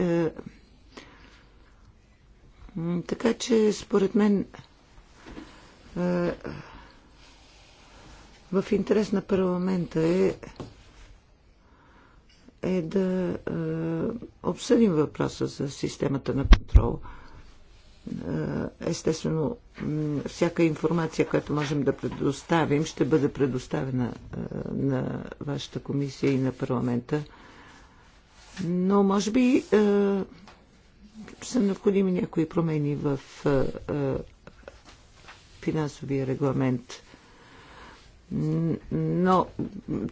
Така че, според мен, в интерес на парламента е, е да е, обсъдим въпроса за системата на контрол. Е, естествено, всяка информация, която можем да предоставим, ще бъде предоставена е, на вашата комисия и на парламента. Но, може би, е, са необходими някои промени в финансовия регламент но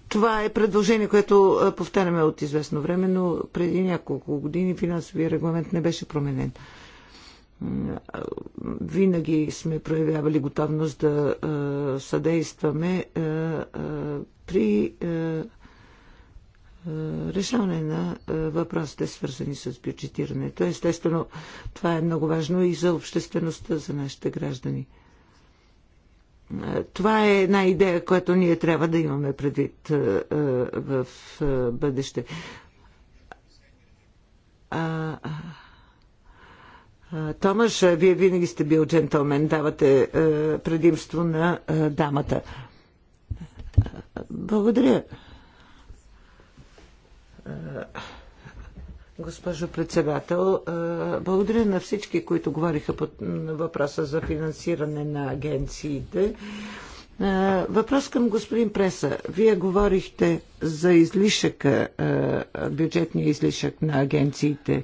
това е предложение, което повтаряме от известно време, но преди няколко години финансовия регламент не беше променен. Винаги сме проявявали готовност да съдействаме при решаване на въпросите, свързани с бюджетирането. Естествено, това е много важно и за обществеността, за нашите граждани това е една идея, която ние трябва да имаме предвид е, е, в е, бъдеще. Томаш, вие винаги сте бил джентълмен, давате предимство на дамата. Благодаря госпожо председател. Е, благодаря на всички, които говориха по въпроса за финансиране на агенциите. Е, въпрос към господин Преса. Вие говорихте за излишъка, е, бюджетния излишък на агенциите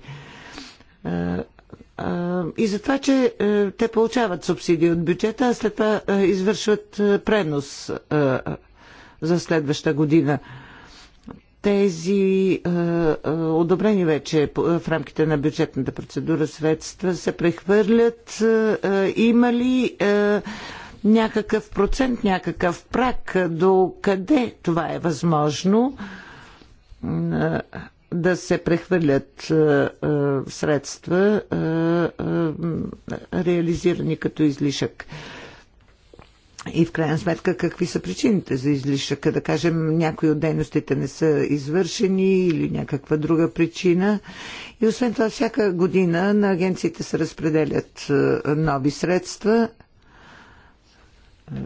и за това, че те получават субсидии от бюджета, а след това извършват пренос за следваща година тези одобрени вече в рамките на бюджетната процедура средства се прехвърлят. има ли някакъв процент, някакъв прак, до къде това е възможно да се прехвърлят средства, реализирани като излишък? И в крайна сметка, какви са причините за излишъка? Да кажем, някои от дейностите не са извършени или някаква друга причина. И освен това, всяка година на агенциите се разпределят е, нови средства е, е,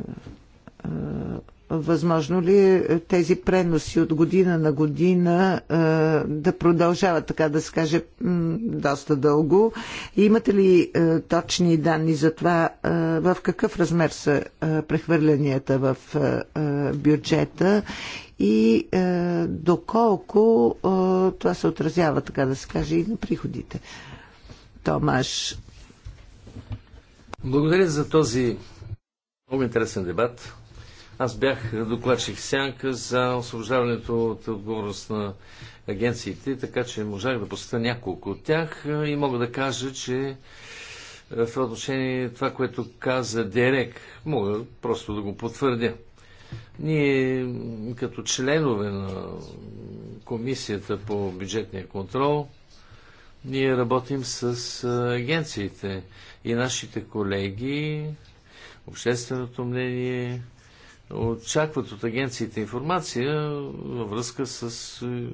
възможно ли е тези преноси от година на година да продължават, така да се каже, доста дълго? имате ли точни данни за това в какъв размер са прехвърлянията в бюджета и доколко това се отразява, така да се каже, и на приходите? Томаш. Благодаря за този много интересен дебат. Аз бях докладчих сянка за освобождаването от отговорност на агенциите, така че можах да посетя няколко от тях и мога да кажа, че е, в отношение това, което каза Дерек, мога просто да го потвърдя. Ние, като членове на Комисията по бюджетния контрол, ние работим с е, агенциите и нашите колеги, общественото мнение, очакват от агенциите информация във връзка с... Е,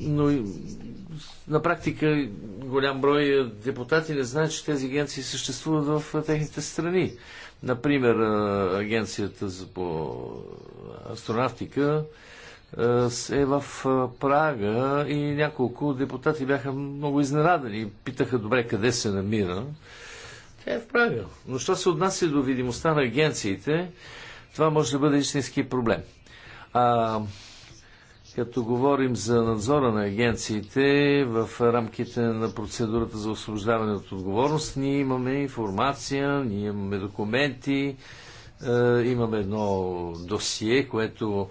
но на практика голям брой депутати не знаят, че тези агенции съществуват в е, техните страни. Например, е, агенцията за по астронавтика е в Прага и няколко депутати бяха много изненадани. Питаха добре къде се намира е в Но що се отнася до видимостта на агенциите, това може да бъде истински проблем. А, като говорим за надзора на агенциите в рамките на процедурата за освобождаване от отговорност, ние имаме информация, ние имаме документи, е, имаме едно досие, което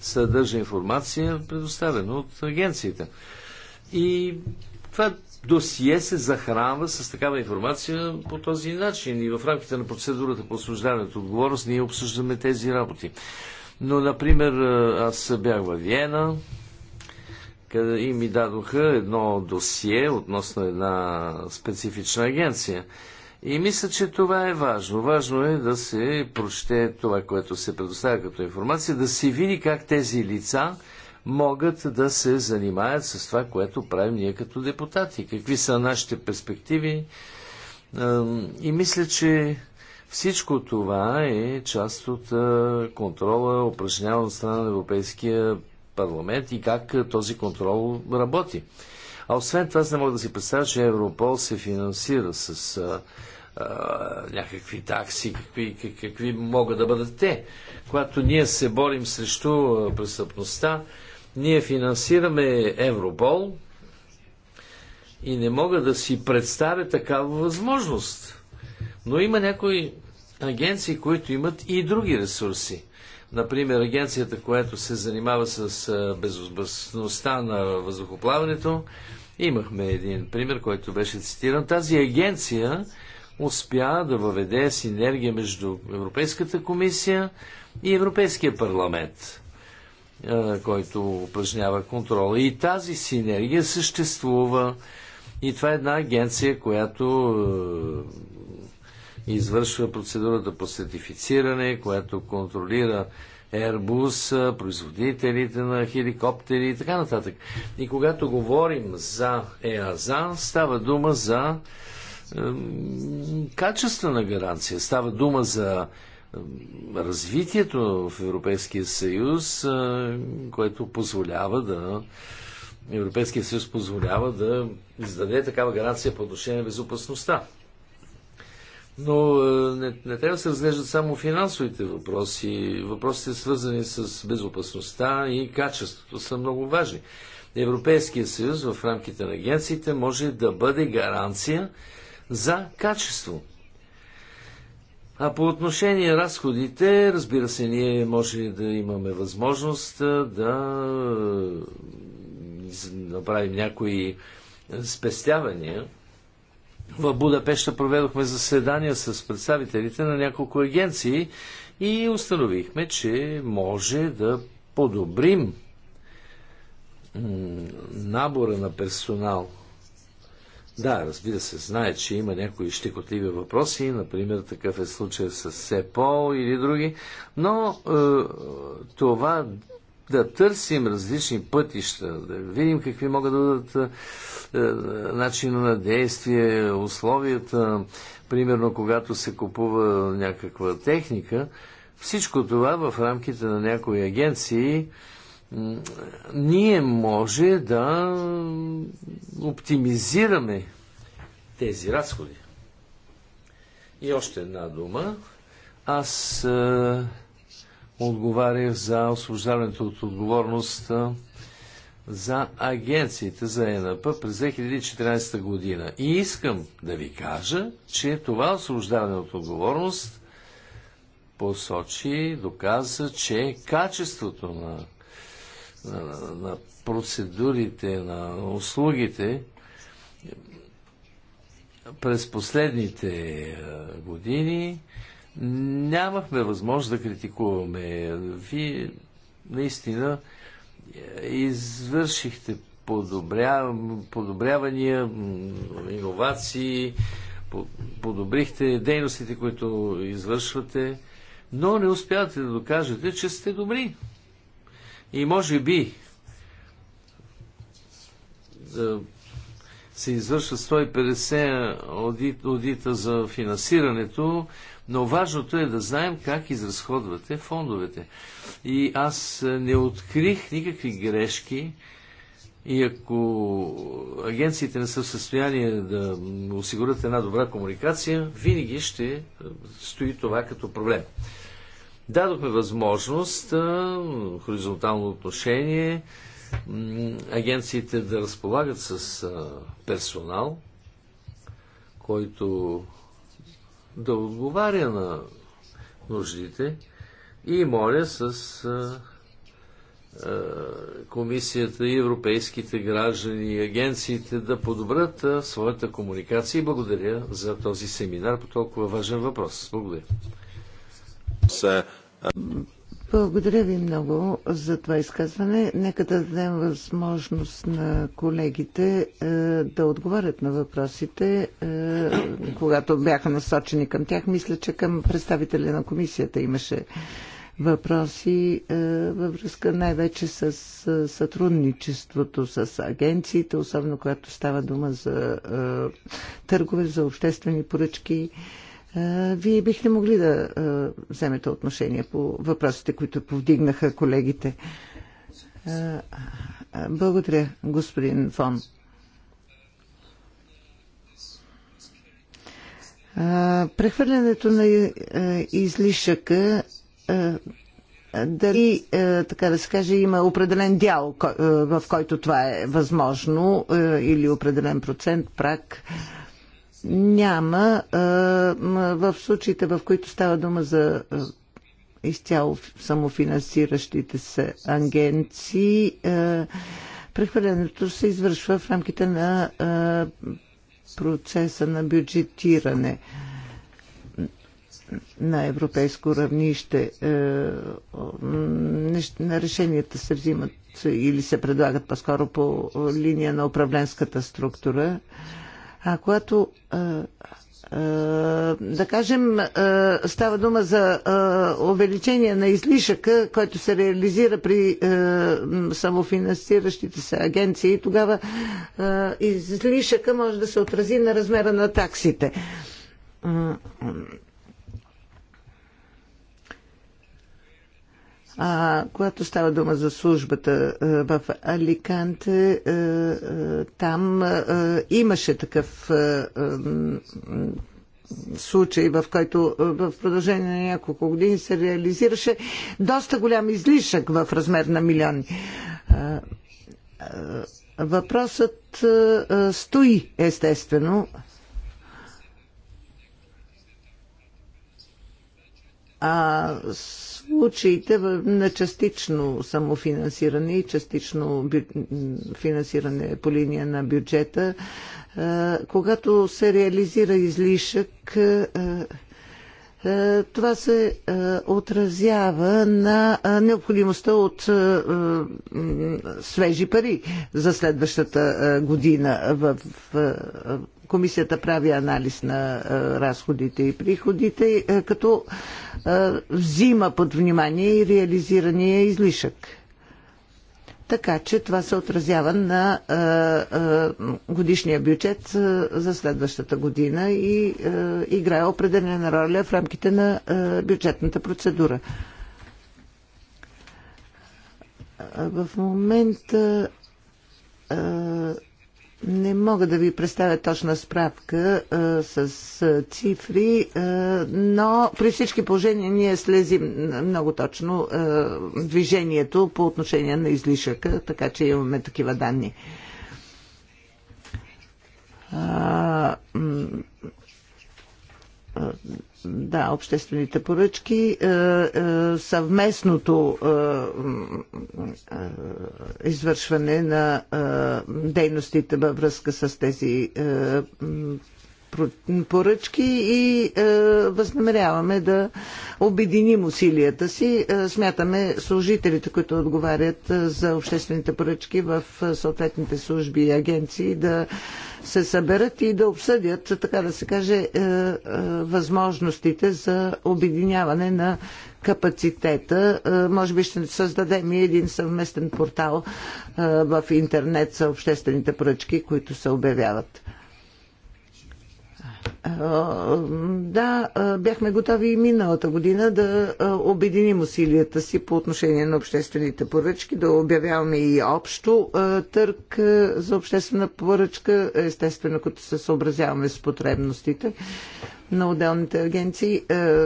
съдържа информация, предоставена от агенциите. И това досие се захранва с такава информация по този начин. И в рамките на процедурата по освобождаването отговорност ние обсъждаме тези работи. Но, например, аз бях във Виена къде и ми дадоха едно досие относно една специфична агенция. И мисля, че това е важно. Важно е да се прочете това, което се предоставя като информация, да се види как тези лица могат да се занимаят с това, което правим ние като депутати. Какви са нашите перспективи? И мисля, че всичко това е част от контрола, упражняван от страна на Европейския парламент и как този контрол работи. А освен това, не мога да си представя, че Европол се финансира с а, а, някакви такси, какви, какви могат да бъдат те. Когато ние се борим срещу престъпността, ние финансираме Европол и не мога да си представя такава възможност. Но има някои агенции, които имат и други ресурси. Например, агенцията, която се занимава с безопасността на въздухоплаването, имахме един пример, който беше цитиран. Тази агенция успя да въведе синергия между Европейската комисия и Европейския парламент който упражнява контрола. И тази синергия съществува. И това е една агенция, която извършва процедурата по сертифициране, която контролира Airbus, производителите на хеликоптери и така нататък. И когато говорим за ЕАЗА, става дума за качествена гаранция. Става дума за развитието в Европейския съюз, което позволява да Европейския съюз позволява да издаде такава гаранция по отношение на безопасността. Но не, не трябва да се разглеждат само финансовите въпроси. Въпросите свързани с безопасността и качеството са много важни. Европейския съюз в рамките на агенциите може да бъде гаранция за качество а по отношение разходите, разбира се, ние може да имаме възможност да направим някои спестявания. В Будапешта проведохме заседания с представителите на няколко агенции и установихме, че може да подобрим набора на персонал – да, разбира се, знае, че има някои щекотливи въпроси, например такъв е случай с СЕПО или други, но е, това да търсим различни пътища, да видим какви могат да бъдат е, е начина на действие, условията, примерно когато се купува някаква техника, всичко това в рамките на някои агенции ние може да оптимизираме тези разходи. И още една дума. Аз е, отговарях за освобождаването от отговорност е, за агенциите за ЕНП през 2014 година. И искам да ви кажа, че това освобождаване от отговорност посочи, доказа, че качеството на на, на процедурите, на услугите, през последните години нямахме възможност да критикуваме. Вие наистина е, извършихте подобря... подобрявания, иновации, подобрихте дейностите, които извършвате, но не успявате да докажете, че сте добри. И може би да се извършат 150 аудит, аудита за финансирането, но важното е да знаем как изразходвате фондовете. И аз не открих никакви грешки, и ако агенциите не са в състояние да осигурят една добра комуникация, винаги ще стои това като проблем. Дадохме възможност хоризонтално отношение агенциите да разполагат с персонал, който да отговаря на нуждите и моля с комисията и европейските граждани и агенциите да подобрят своята комуникация и благодаря за този семинар по толкова важен въпрос. Благодаря. Е, Благодаря ви много за това изказване. Нека да дадем възможност на колегите е, да отговарят на въпросите, е, когато бяха насочени към тях. Мисля, че към представителя на комисията имаше въпроси е, във връзка най-вече с е, сътрудничеството с агенциите, особено когато става дума за е, търгове, за обществени поръчки. Вие бихте могли да вземете отношение по въпросите, които повдигнаха колегите. Благодаря, господин Фон. Прехвърлянето на излишъка дали, така да се каже, има определен дял, в който това е възможно или определен процент, прак няма в случаите, в които става дума за изцяло самофинансиращите се агенции. Прехвърлянето се извършва в рамките на процеса на бюджетиране на европейско равнище. Е, решенията се взимат или се предлагат по-скоро по линия на управленската структура. А когато да кажем, става дума за увеличение на излишъка, който се реализира при самофинансиращите се агенции. Тогава излишъка може да се отрази на размера на таксите. А когато става дума за службата в Аликанте, там имаше такъв случай, в който в продължение на няколко години се реализираше доста голям излишък в размер на милиони. Въпросът стои, естествено, А случаите на частично самофинансиране и частично бю... финансиране по линия на бюджета, когато се реализира излишък, това се отразява на необходимостта от свежи пари за следващата година в комисията прави анализ на разходите и приходите, като взима под внимание и реализирания излишък. Така че това се отразява на а, а, годишния бюджет а, за следващата година и а, играе определена роля в рамките на а, бюджетната процедура. А, в момента а, не мога да ви представя точна справка а, с а, цифри, а, но при всички положения ние слезим много точно а, движението по отношение на излишъка, така че имаме такива данни. А, да, обществените поръчки, е, е, съвместното е, извършване на дейностите във връзка с тези поръчки и е, възнамеряваме да обединим усилията си. Е, смятаме служителите, които отговарят е, за обществените поръчки в съответните служби и агенции да се съберат и да обсъдят, така да се каже, възможностите за обединяване на капацитета. Може би ще създадем и един съвместен портал в интернет за обществените поръчки, които се обявяват. Да, бяхме готови и миналата година да обединим усилията си по отношение на обществените поръчки, да обявяваме и общо търг за обществена поръчка, естествено като се съобразяваме с потребностите на отделните агенции е,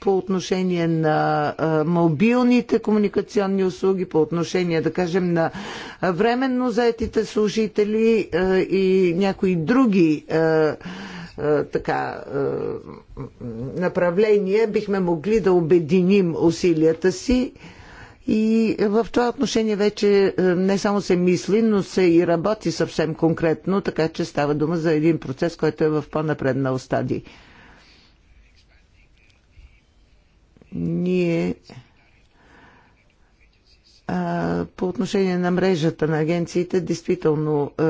по отношение на е, мобилните комуникационни услуги, по отношение, да кажем, на временно заетите служители е, и някои други така направления, бихме могли да обединим усилията си и в това отношение вече е, не само се мисли, но се и работи съвсем конкретно, така че става дума за един процес, който е в по-напреднал стадий. Ние по отношение на мрежата на агенциите, действително е,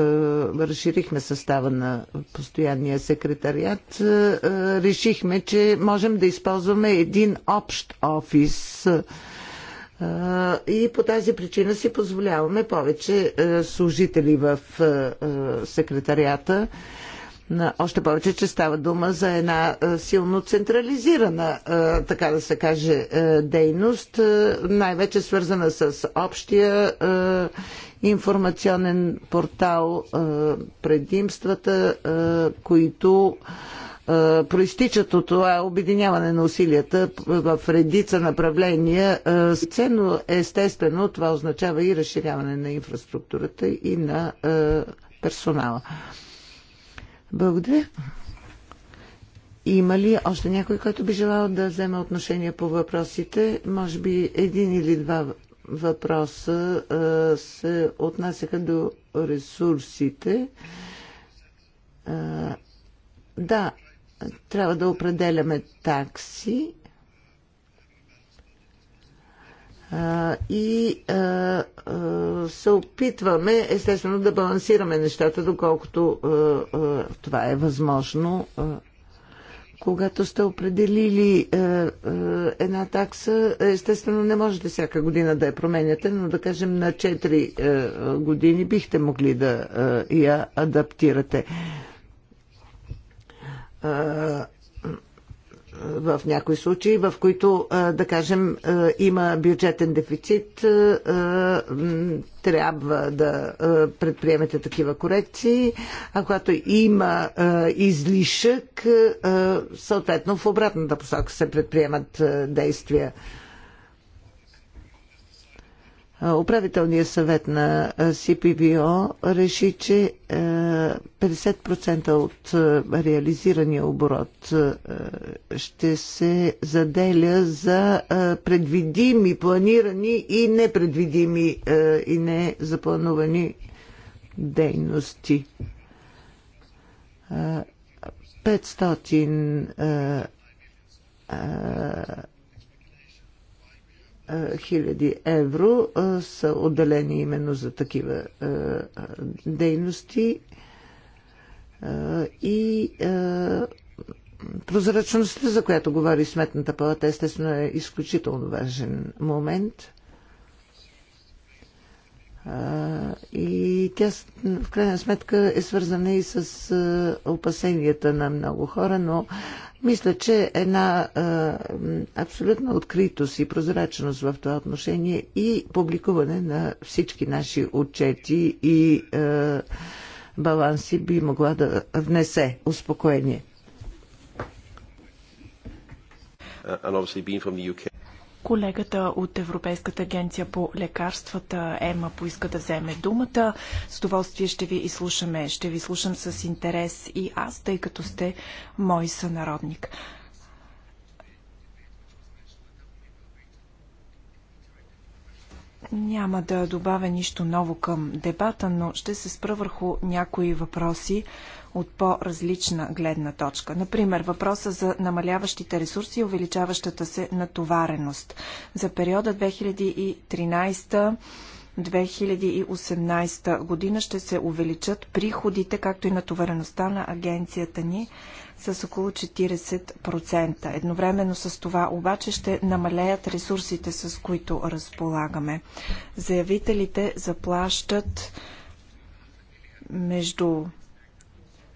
разширихме състава на постоянния секретариат. Е, решихме, че можем да използваме един общ офис и по тази причина си позволяваме повече служители в секретарията. Още повече, че става дума за една силно централизирана, така да се каже, дейност, най-вече свързана с общия информационен портал, предимствата, които е, проистичат от това обединяване на усилията в редица направления. Е, ценно естествено това означава и разширяване на инфраструктурата и на е, персонала. Благодаря. Има ли още някой, който би желал да вземе отношение по въпросите? Може би един или два въпроса се отнасяха до ресурсите. да, трябва да определяме такси и се опитваме естествено да балансираме нещата, доколкото това е възможно. Когато сте определили една такса, естествено не можете всяка година да я променяте, но да кажем на 4 години бихте могли да я адаптирате в някои случаи, в които, да кажем, има бюджетен дефицит, трябва да предприемете такива корекции, а когато има излишък, съответно в обратната посока се предприемат действия управителният съвет на CPBO реши, че 50% от реализирания оборот ще се заделя за предвидими, планирани и непредвидими и незапланувани дейности. 500 хиляди евро са отделени именно за такива дейности и прозрачността, за която говори Сметната палата, естествено е изключително важен момент. И тя в крайна сметка е свързана и с опасенията на много хора, но мисля, че една а, абсолютна откритост и прозрачност в това отношение и публикуване на всички наши отчети и а, баланси би могла да внесе успокоение. Uh, and obviously being from the UK. Колегата от Европейската агенция по лекарствата Ема поиска да вземе думата. С удоволствие ще ви изслушаме. Ще ви слушам с интерес и аз, тъй като сте мой сънародник. Няма да добавя нищо ново към дебата, но ще се спра върху някои въпроси, от по-различна гледна точка. Например, въпроса за намаляващите ресурси и увеличаващата се натовареност. За периода 2013 2018 година ще се увеличат приходите, както и натовареността на агенцията ни с около 40%. Едновременно с това обаче ще намалеят ресурсите, с които разполагаме. Заявителите заплащат между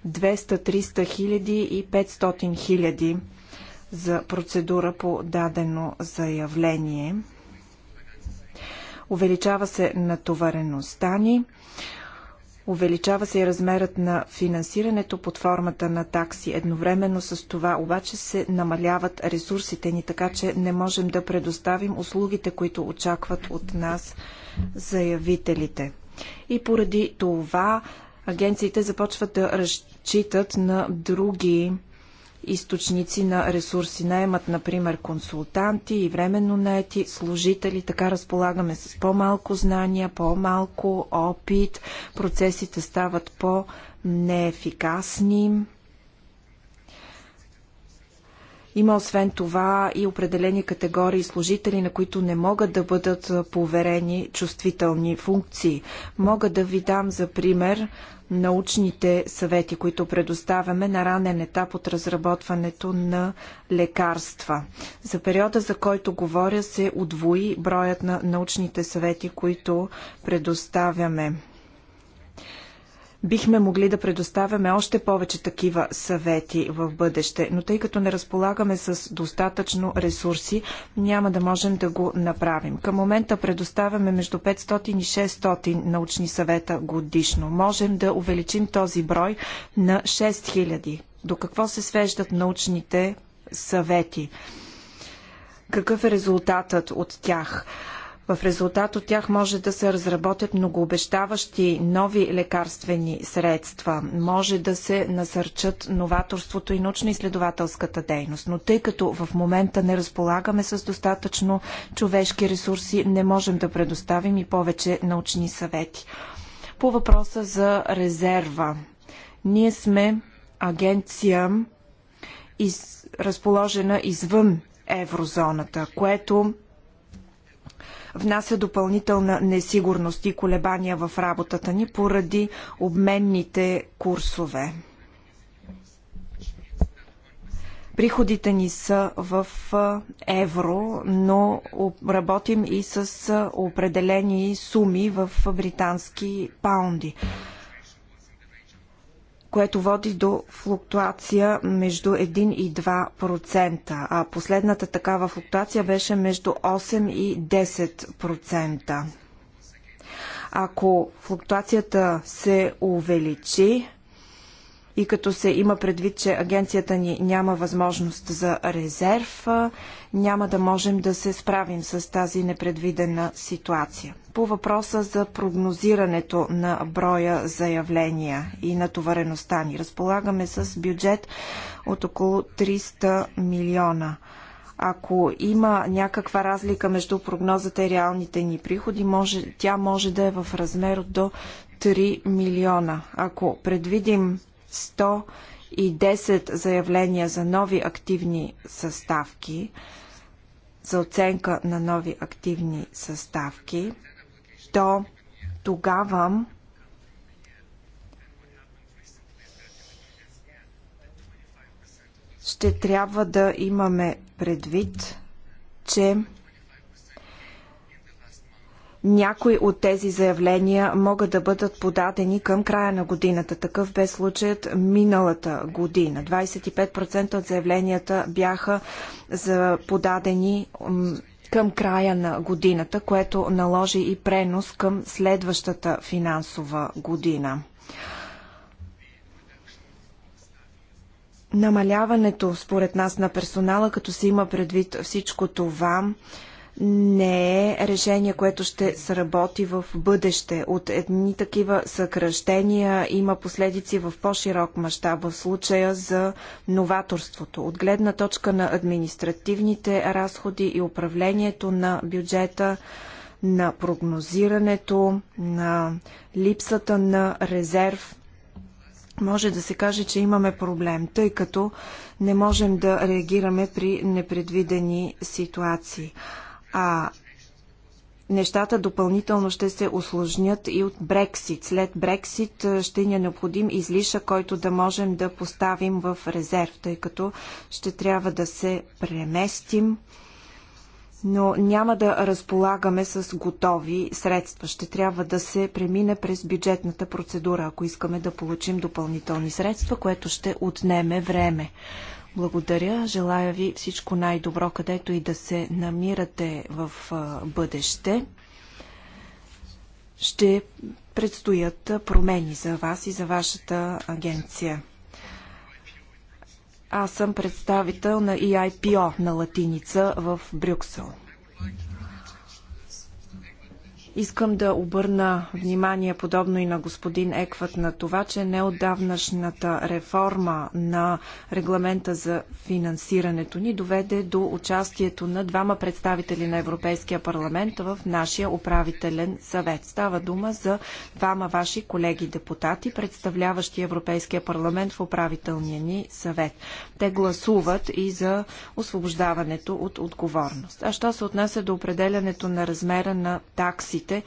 200-300 хиляди и 500 хиляди за процедура по дадено заявление. Увеличава се натовареността ни. Увеличава се и размерът на финансирането под формата на такси. Едновременно с това обаче се намаляват ресурсите ни, така че не можем да предоставим услугите, които очакват от нас заявителите. И поради това агенциите започват да разчитат на други източници на ресурси. Наемат, например, консултанти и временно наети служители. Така разполагаме с по-малко знания, по-малко опит. Процесите стават по-неефикасни. Има освен това и определени категории служители, на които не могат да бъдат поверени чувствителни функции. Мога да ви дам за пример научните съвети, които предоставяме на ранен етап от разработването на лекарства. За периода, за който говоря, се удвои броят на научните съвети, които предоставяме бихме могли да предоставяме още повече такива съвети в бъдеще, но тъй като не разполагаме с достатъчно ресурси, няма да можем да го направим. Към момента предоставяме между 500 и 600 научни съвета годишно. Можем да увеличим този брой на 6000. До какво се свеждат научните съвети? Какъв е резултатът от тях? В резултат от тях може да се разработят многообещаващи нови лекарствени средства, може да се насърчат новаторството и научно-изследователската дейност. Но тъй като в момента не разполагаме с достатъчно човешки ресурси, не можем да предоставим и повече научни съвети. По въпроса за резерва. Ние сме агенция из... разположена извън еврозоната, което внася допълнителна несигурност и колебания в работата ни поради обменните курсове. Приходите ни са в евро, но работим и с определени суми в британски паунди което води до флуктуация между 1 и 2%, а последната такава флуктуация беше между 8 и 10%. Ако флуктуацията се увеличи, и като се има предвид, че агенцията ни няма възможност за резерв, няма да можем да се справим с тази непредвидена ситуация. По въпроса за прогнозирането на броя заявления и натовареността ни, разполагаме с бюджет от около 300 милиона ако има някаква разлика между прогнозата и реалните ни приходи, може, тя може да е в размер до 3 милиона. Ако предвидим 110 заявления за нови активни съставки, за оценка на нови активни съставки, то тогава ще трябва да имаме предвид, че някои от тези заявления могат да бъдат подадени към края на годината. Такъв бе случаят миналата година. 25% от заявленията бяха за подадени към края на годината, което наложи и пренос към следващата финансова година. Намаляването, според нас, на персонала, като се има предвид всичко това, не е решение, което ще сработи в бъдеще. От едни такива съкръщения има последици в по-широк мащаб в случая за новаторството. От гледна точка на административните разходи и управлението на бюджета, на прогнозирането, на липсата на резерв може да се каже, че имаме проблем, тъй като не можем да реагираме при непредвидени ситуации. А нещата допълнително ще се осложнят и от Брексит. След Брексит ще ни е необходим излиша, който да можем да поставим в резерв, тъй като ще трябва да се преместим, но няма да разполагаме с готови средства. Ще трябва да се премине през бюджетната процедура, ако искаме да получим допълнителни средства, което ще отнеме време. Благодаря. Желая ви всичко най-добро, където и да се намирате в бъдеще. Ще предстоят промени за вас и за вашата агенция. Аз съм представител на EIPO на латиница в Брюксел. Искам да обърна внимание, подобно и на господин Екват, на това, че неотдавнашната реформа на регламента за финансирането ни доведе до участието на двама представители на Европейския парламент в нашия управителен съвет. Става дума за двама ваши колеги депутати, представляващи Европейския парламент в управителния ни съвет. Те гласуват и за освобождаването от отговорност. А що се отнася до определянето на размера на таксите, агенциите,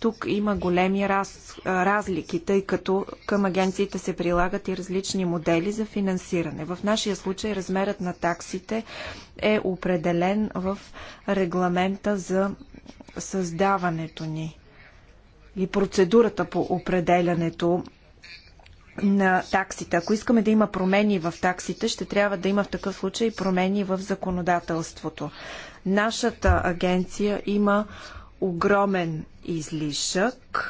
тук има големи раз, разлики, тъй като към агенциите се прилагат и различни модели за финансиране. В нашия случай размерът на таксите е определен в регламента за създаването ни и процедурата по определянето на таксите. Ако искаме да има промени в таксите, ще трябва да има в такъв случай промени в законодателството. Нашата агенция има огромен излишък.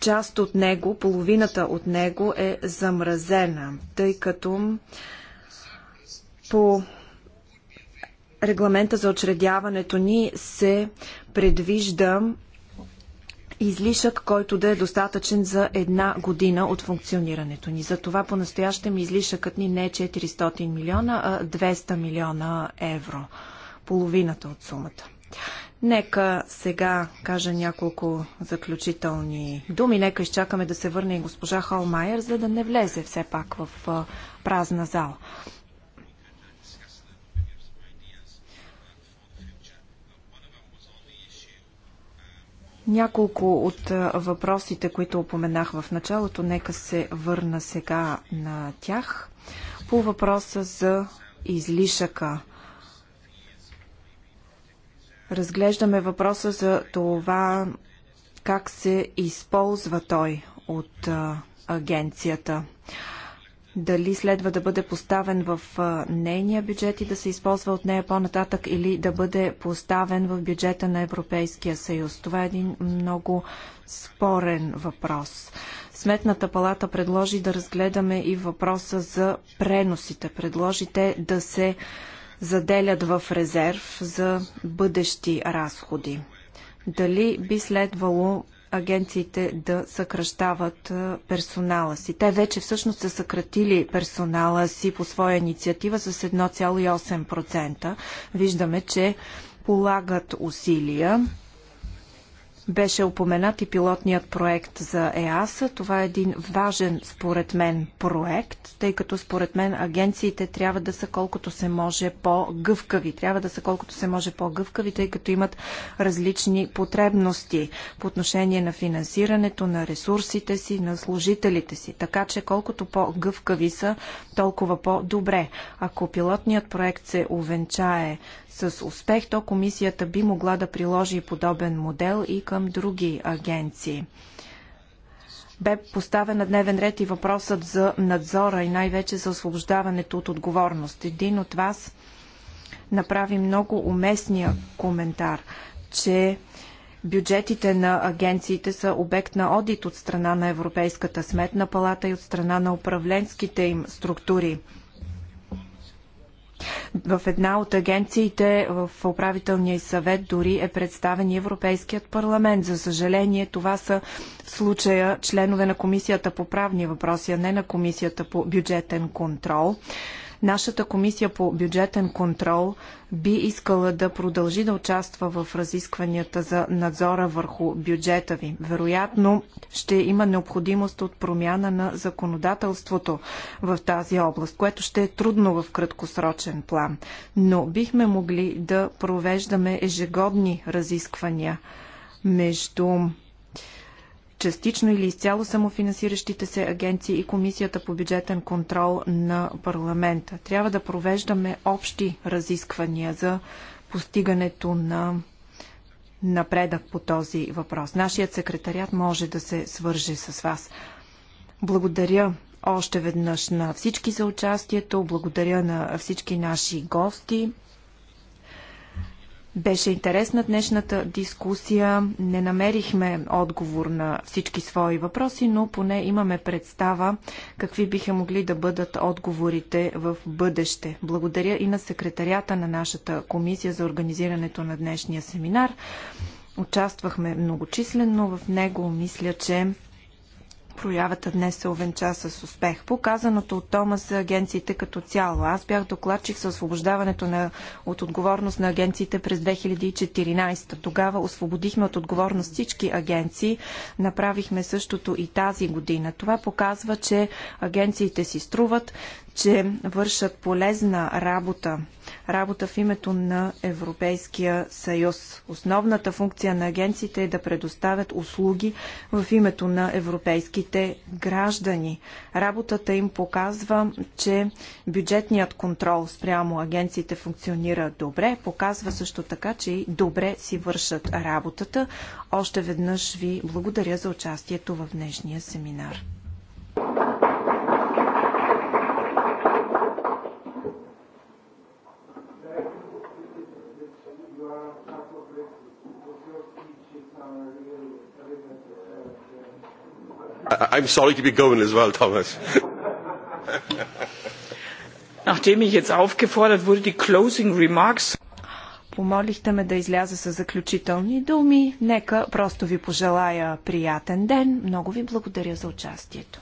Част от него, половината от него е замразена, тъй като по регламента за очредяването ни се предвижда излишък, който да е достатъчен за една година от функционирането ни. Затова по-настоящем излишъкът ни не е 400 милиона, а 200 милиона евро половината от сумата. Нека сега кажа няколко заключителни думи. Нека изчакаме да се върне и госпожа Холмайер, за да не влезе все пак в празна зала. Няколко от въпросите, които упоменах в началото, нека се върна сега на тях. По въпроса за излишъка разглеждаме въпроса за това как се използва той от агенцията. Дали следва да бъде поставен в нейния бюджет и да се използва от нея по-нататък или да бъде поставен в бюджета на Европейския съюз. Това е един много спорен въпрос. Сметната палата предложи да разгледаме и въпроса за преносите. Предложите да се заделят в резерв за бъдещи разходи. Дали би следвало агенциите да съкръщават персонала си. Те вече всъщност са съкратили персонала си по своя инициатива с 1,8%. Виждаме, че полагат усилия беше упоменат и пилотният проект за ЕАСА. Това е един важен, според мен, проект, тъй като според мен агенциите трябва да са колкото се може по-гъвкави. Трябва да са колкото се може по-гъвкави, тъй като имат различни потребности по отношение на финансирането, на ресурсите си, на служителите си. Така че колкото по-гъвкави са, толкова по-добре. Ако пилотният проект се увенчае с успех, то комисията би могла да приложи подобен модел и към други агенции. Бе поставен на дневен ред и въпросът за надзора и най-вече за освобождаването от отговорност. Един от вас направи много уместния коментар, че бюджетите на агенциите са обект на одит от страна на Европейската сметна палата и от страна на управленските им структури. В една от агенциите в управителния съвет дори е представен и Европейският парламент. За съжаление, това са в случая членове на Комисията по правни въпроси, а не на Комисията по бюджетен контрол. Нашата комисия по бюджетен контрол би искала да продължи да участва в разискванията за надзора върху бюджета ви. Вероятно ще има необходимост от промяна на законодателството в тази област, което ще е трудно в краткосрочен план. Но бихме могли да провеждаме ежегодни разисквания между частично или изцяло самофинансиращите се агенции и Комисията по бюджетен контрол на парламента. Трябва да провеждаме общи разисквания за постигането на напредък по този въпрос. Нашият секретарят може да се свърже с вас. Благодаря още веднъж на всички за участието, благодаря на всички наши гости. Беше интересна днешната дискусия. Не намерихме отговор на всички свои въпроси, но поне имаме представа какви биха могли да бъдат отговорите в бъдеще. Благодаря и на секретарията на нашата комисия за организирането на днешния семинар. Участвахме многочисленно в него. Мисля, че Проявата днес се овенча с успех. Показаното от Тома за агенциите като цяло. Аз бях докладчик за освобождаването на, от отговорност на агенциите през 2014. Тогава освободихме от отговорност всички агенции. Направихме същото и тази година. Това показва, че агенциите си струват, че вършат полезна работа работа в името на Европейския съюз. Основната функция на агенциите е да предоставят услуги в името на европейските граждани. Работата им показва, че бюджетният контрол спрямо агенциите функционира добре. Показва също така, че и добре си вършат работата. Още веднъж ви благодаря за участието в днешния семинар. I'm sorry to be going as well, Thomas. Nachdem ich jetzt aufgefordert wurde, die closing remarks Помолихте ме да изляза с заключителни думи. Нека просто ви пожелая приятен ден. Много ви благодаря за участието.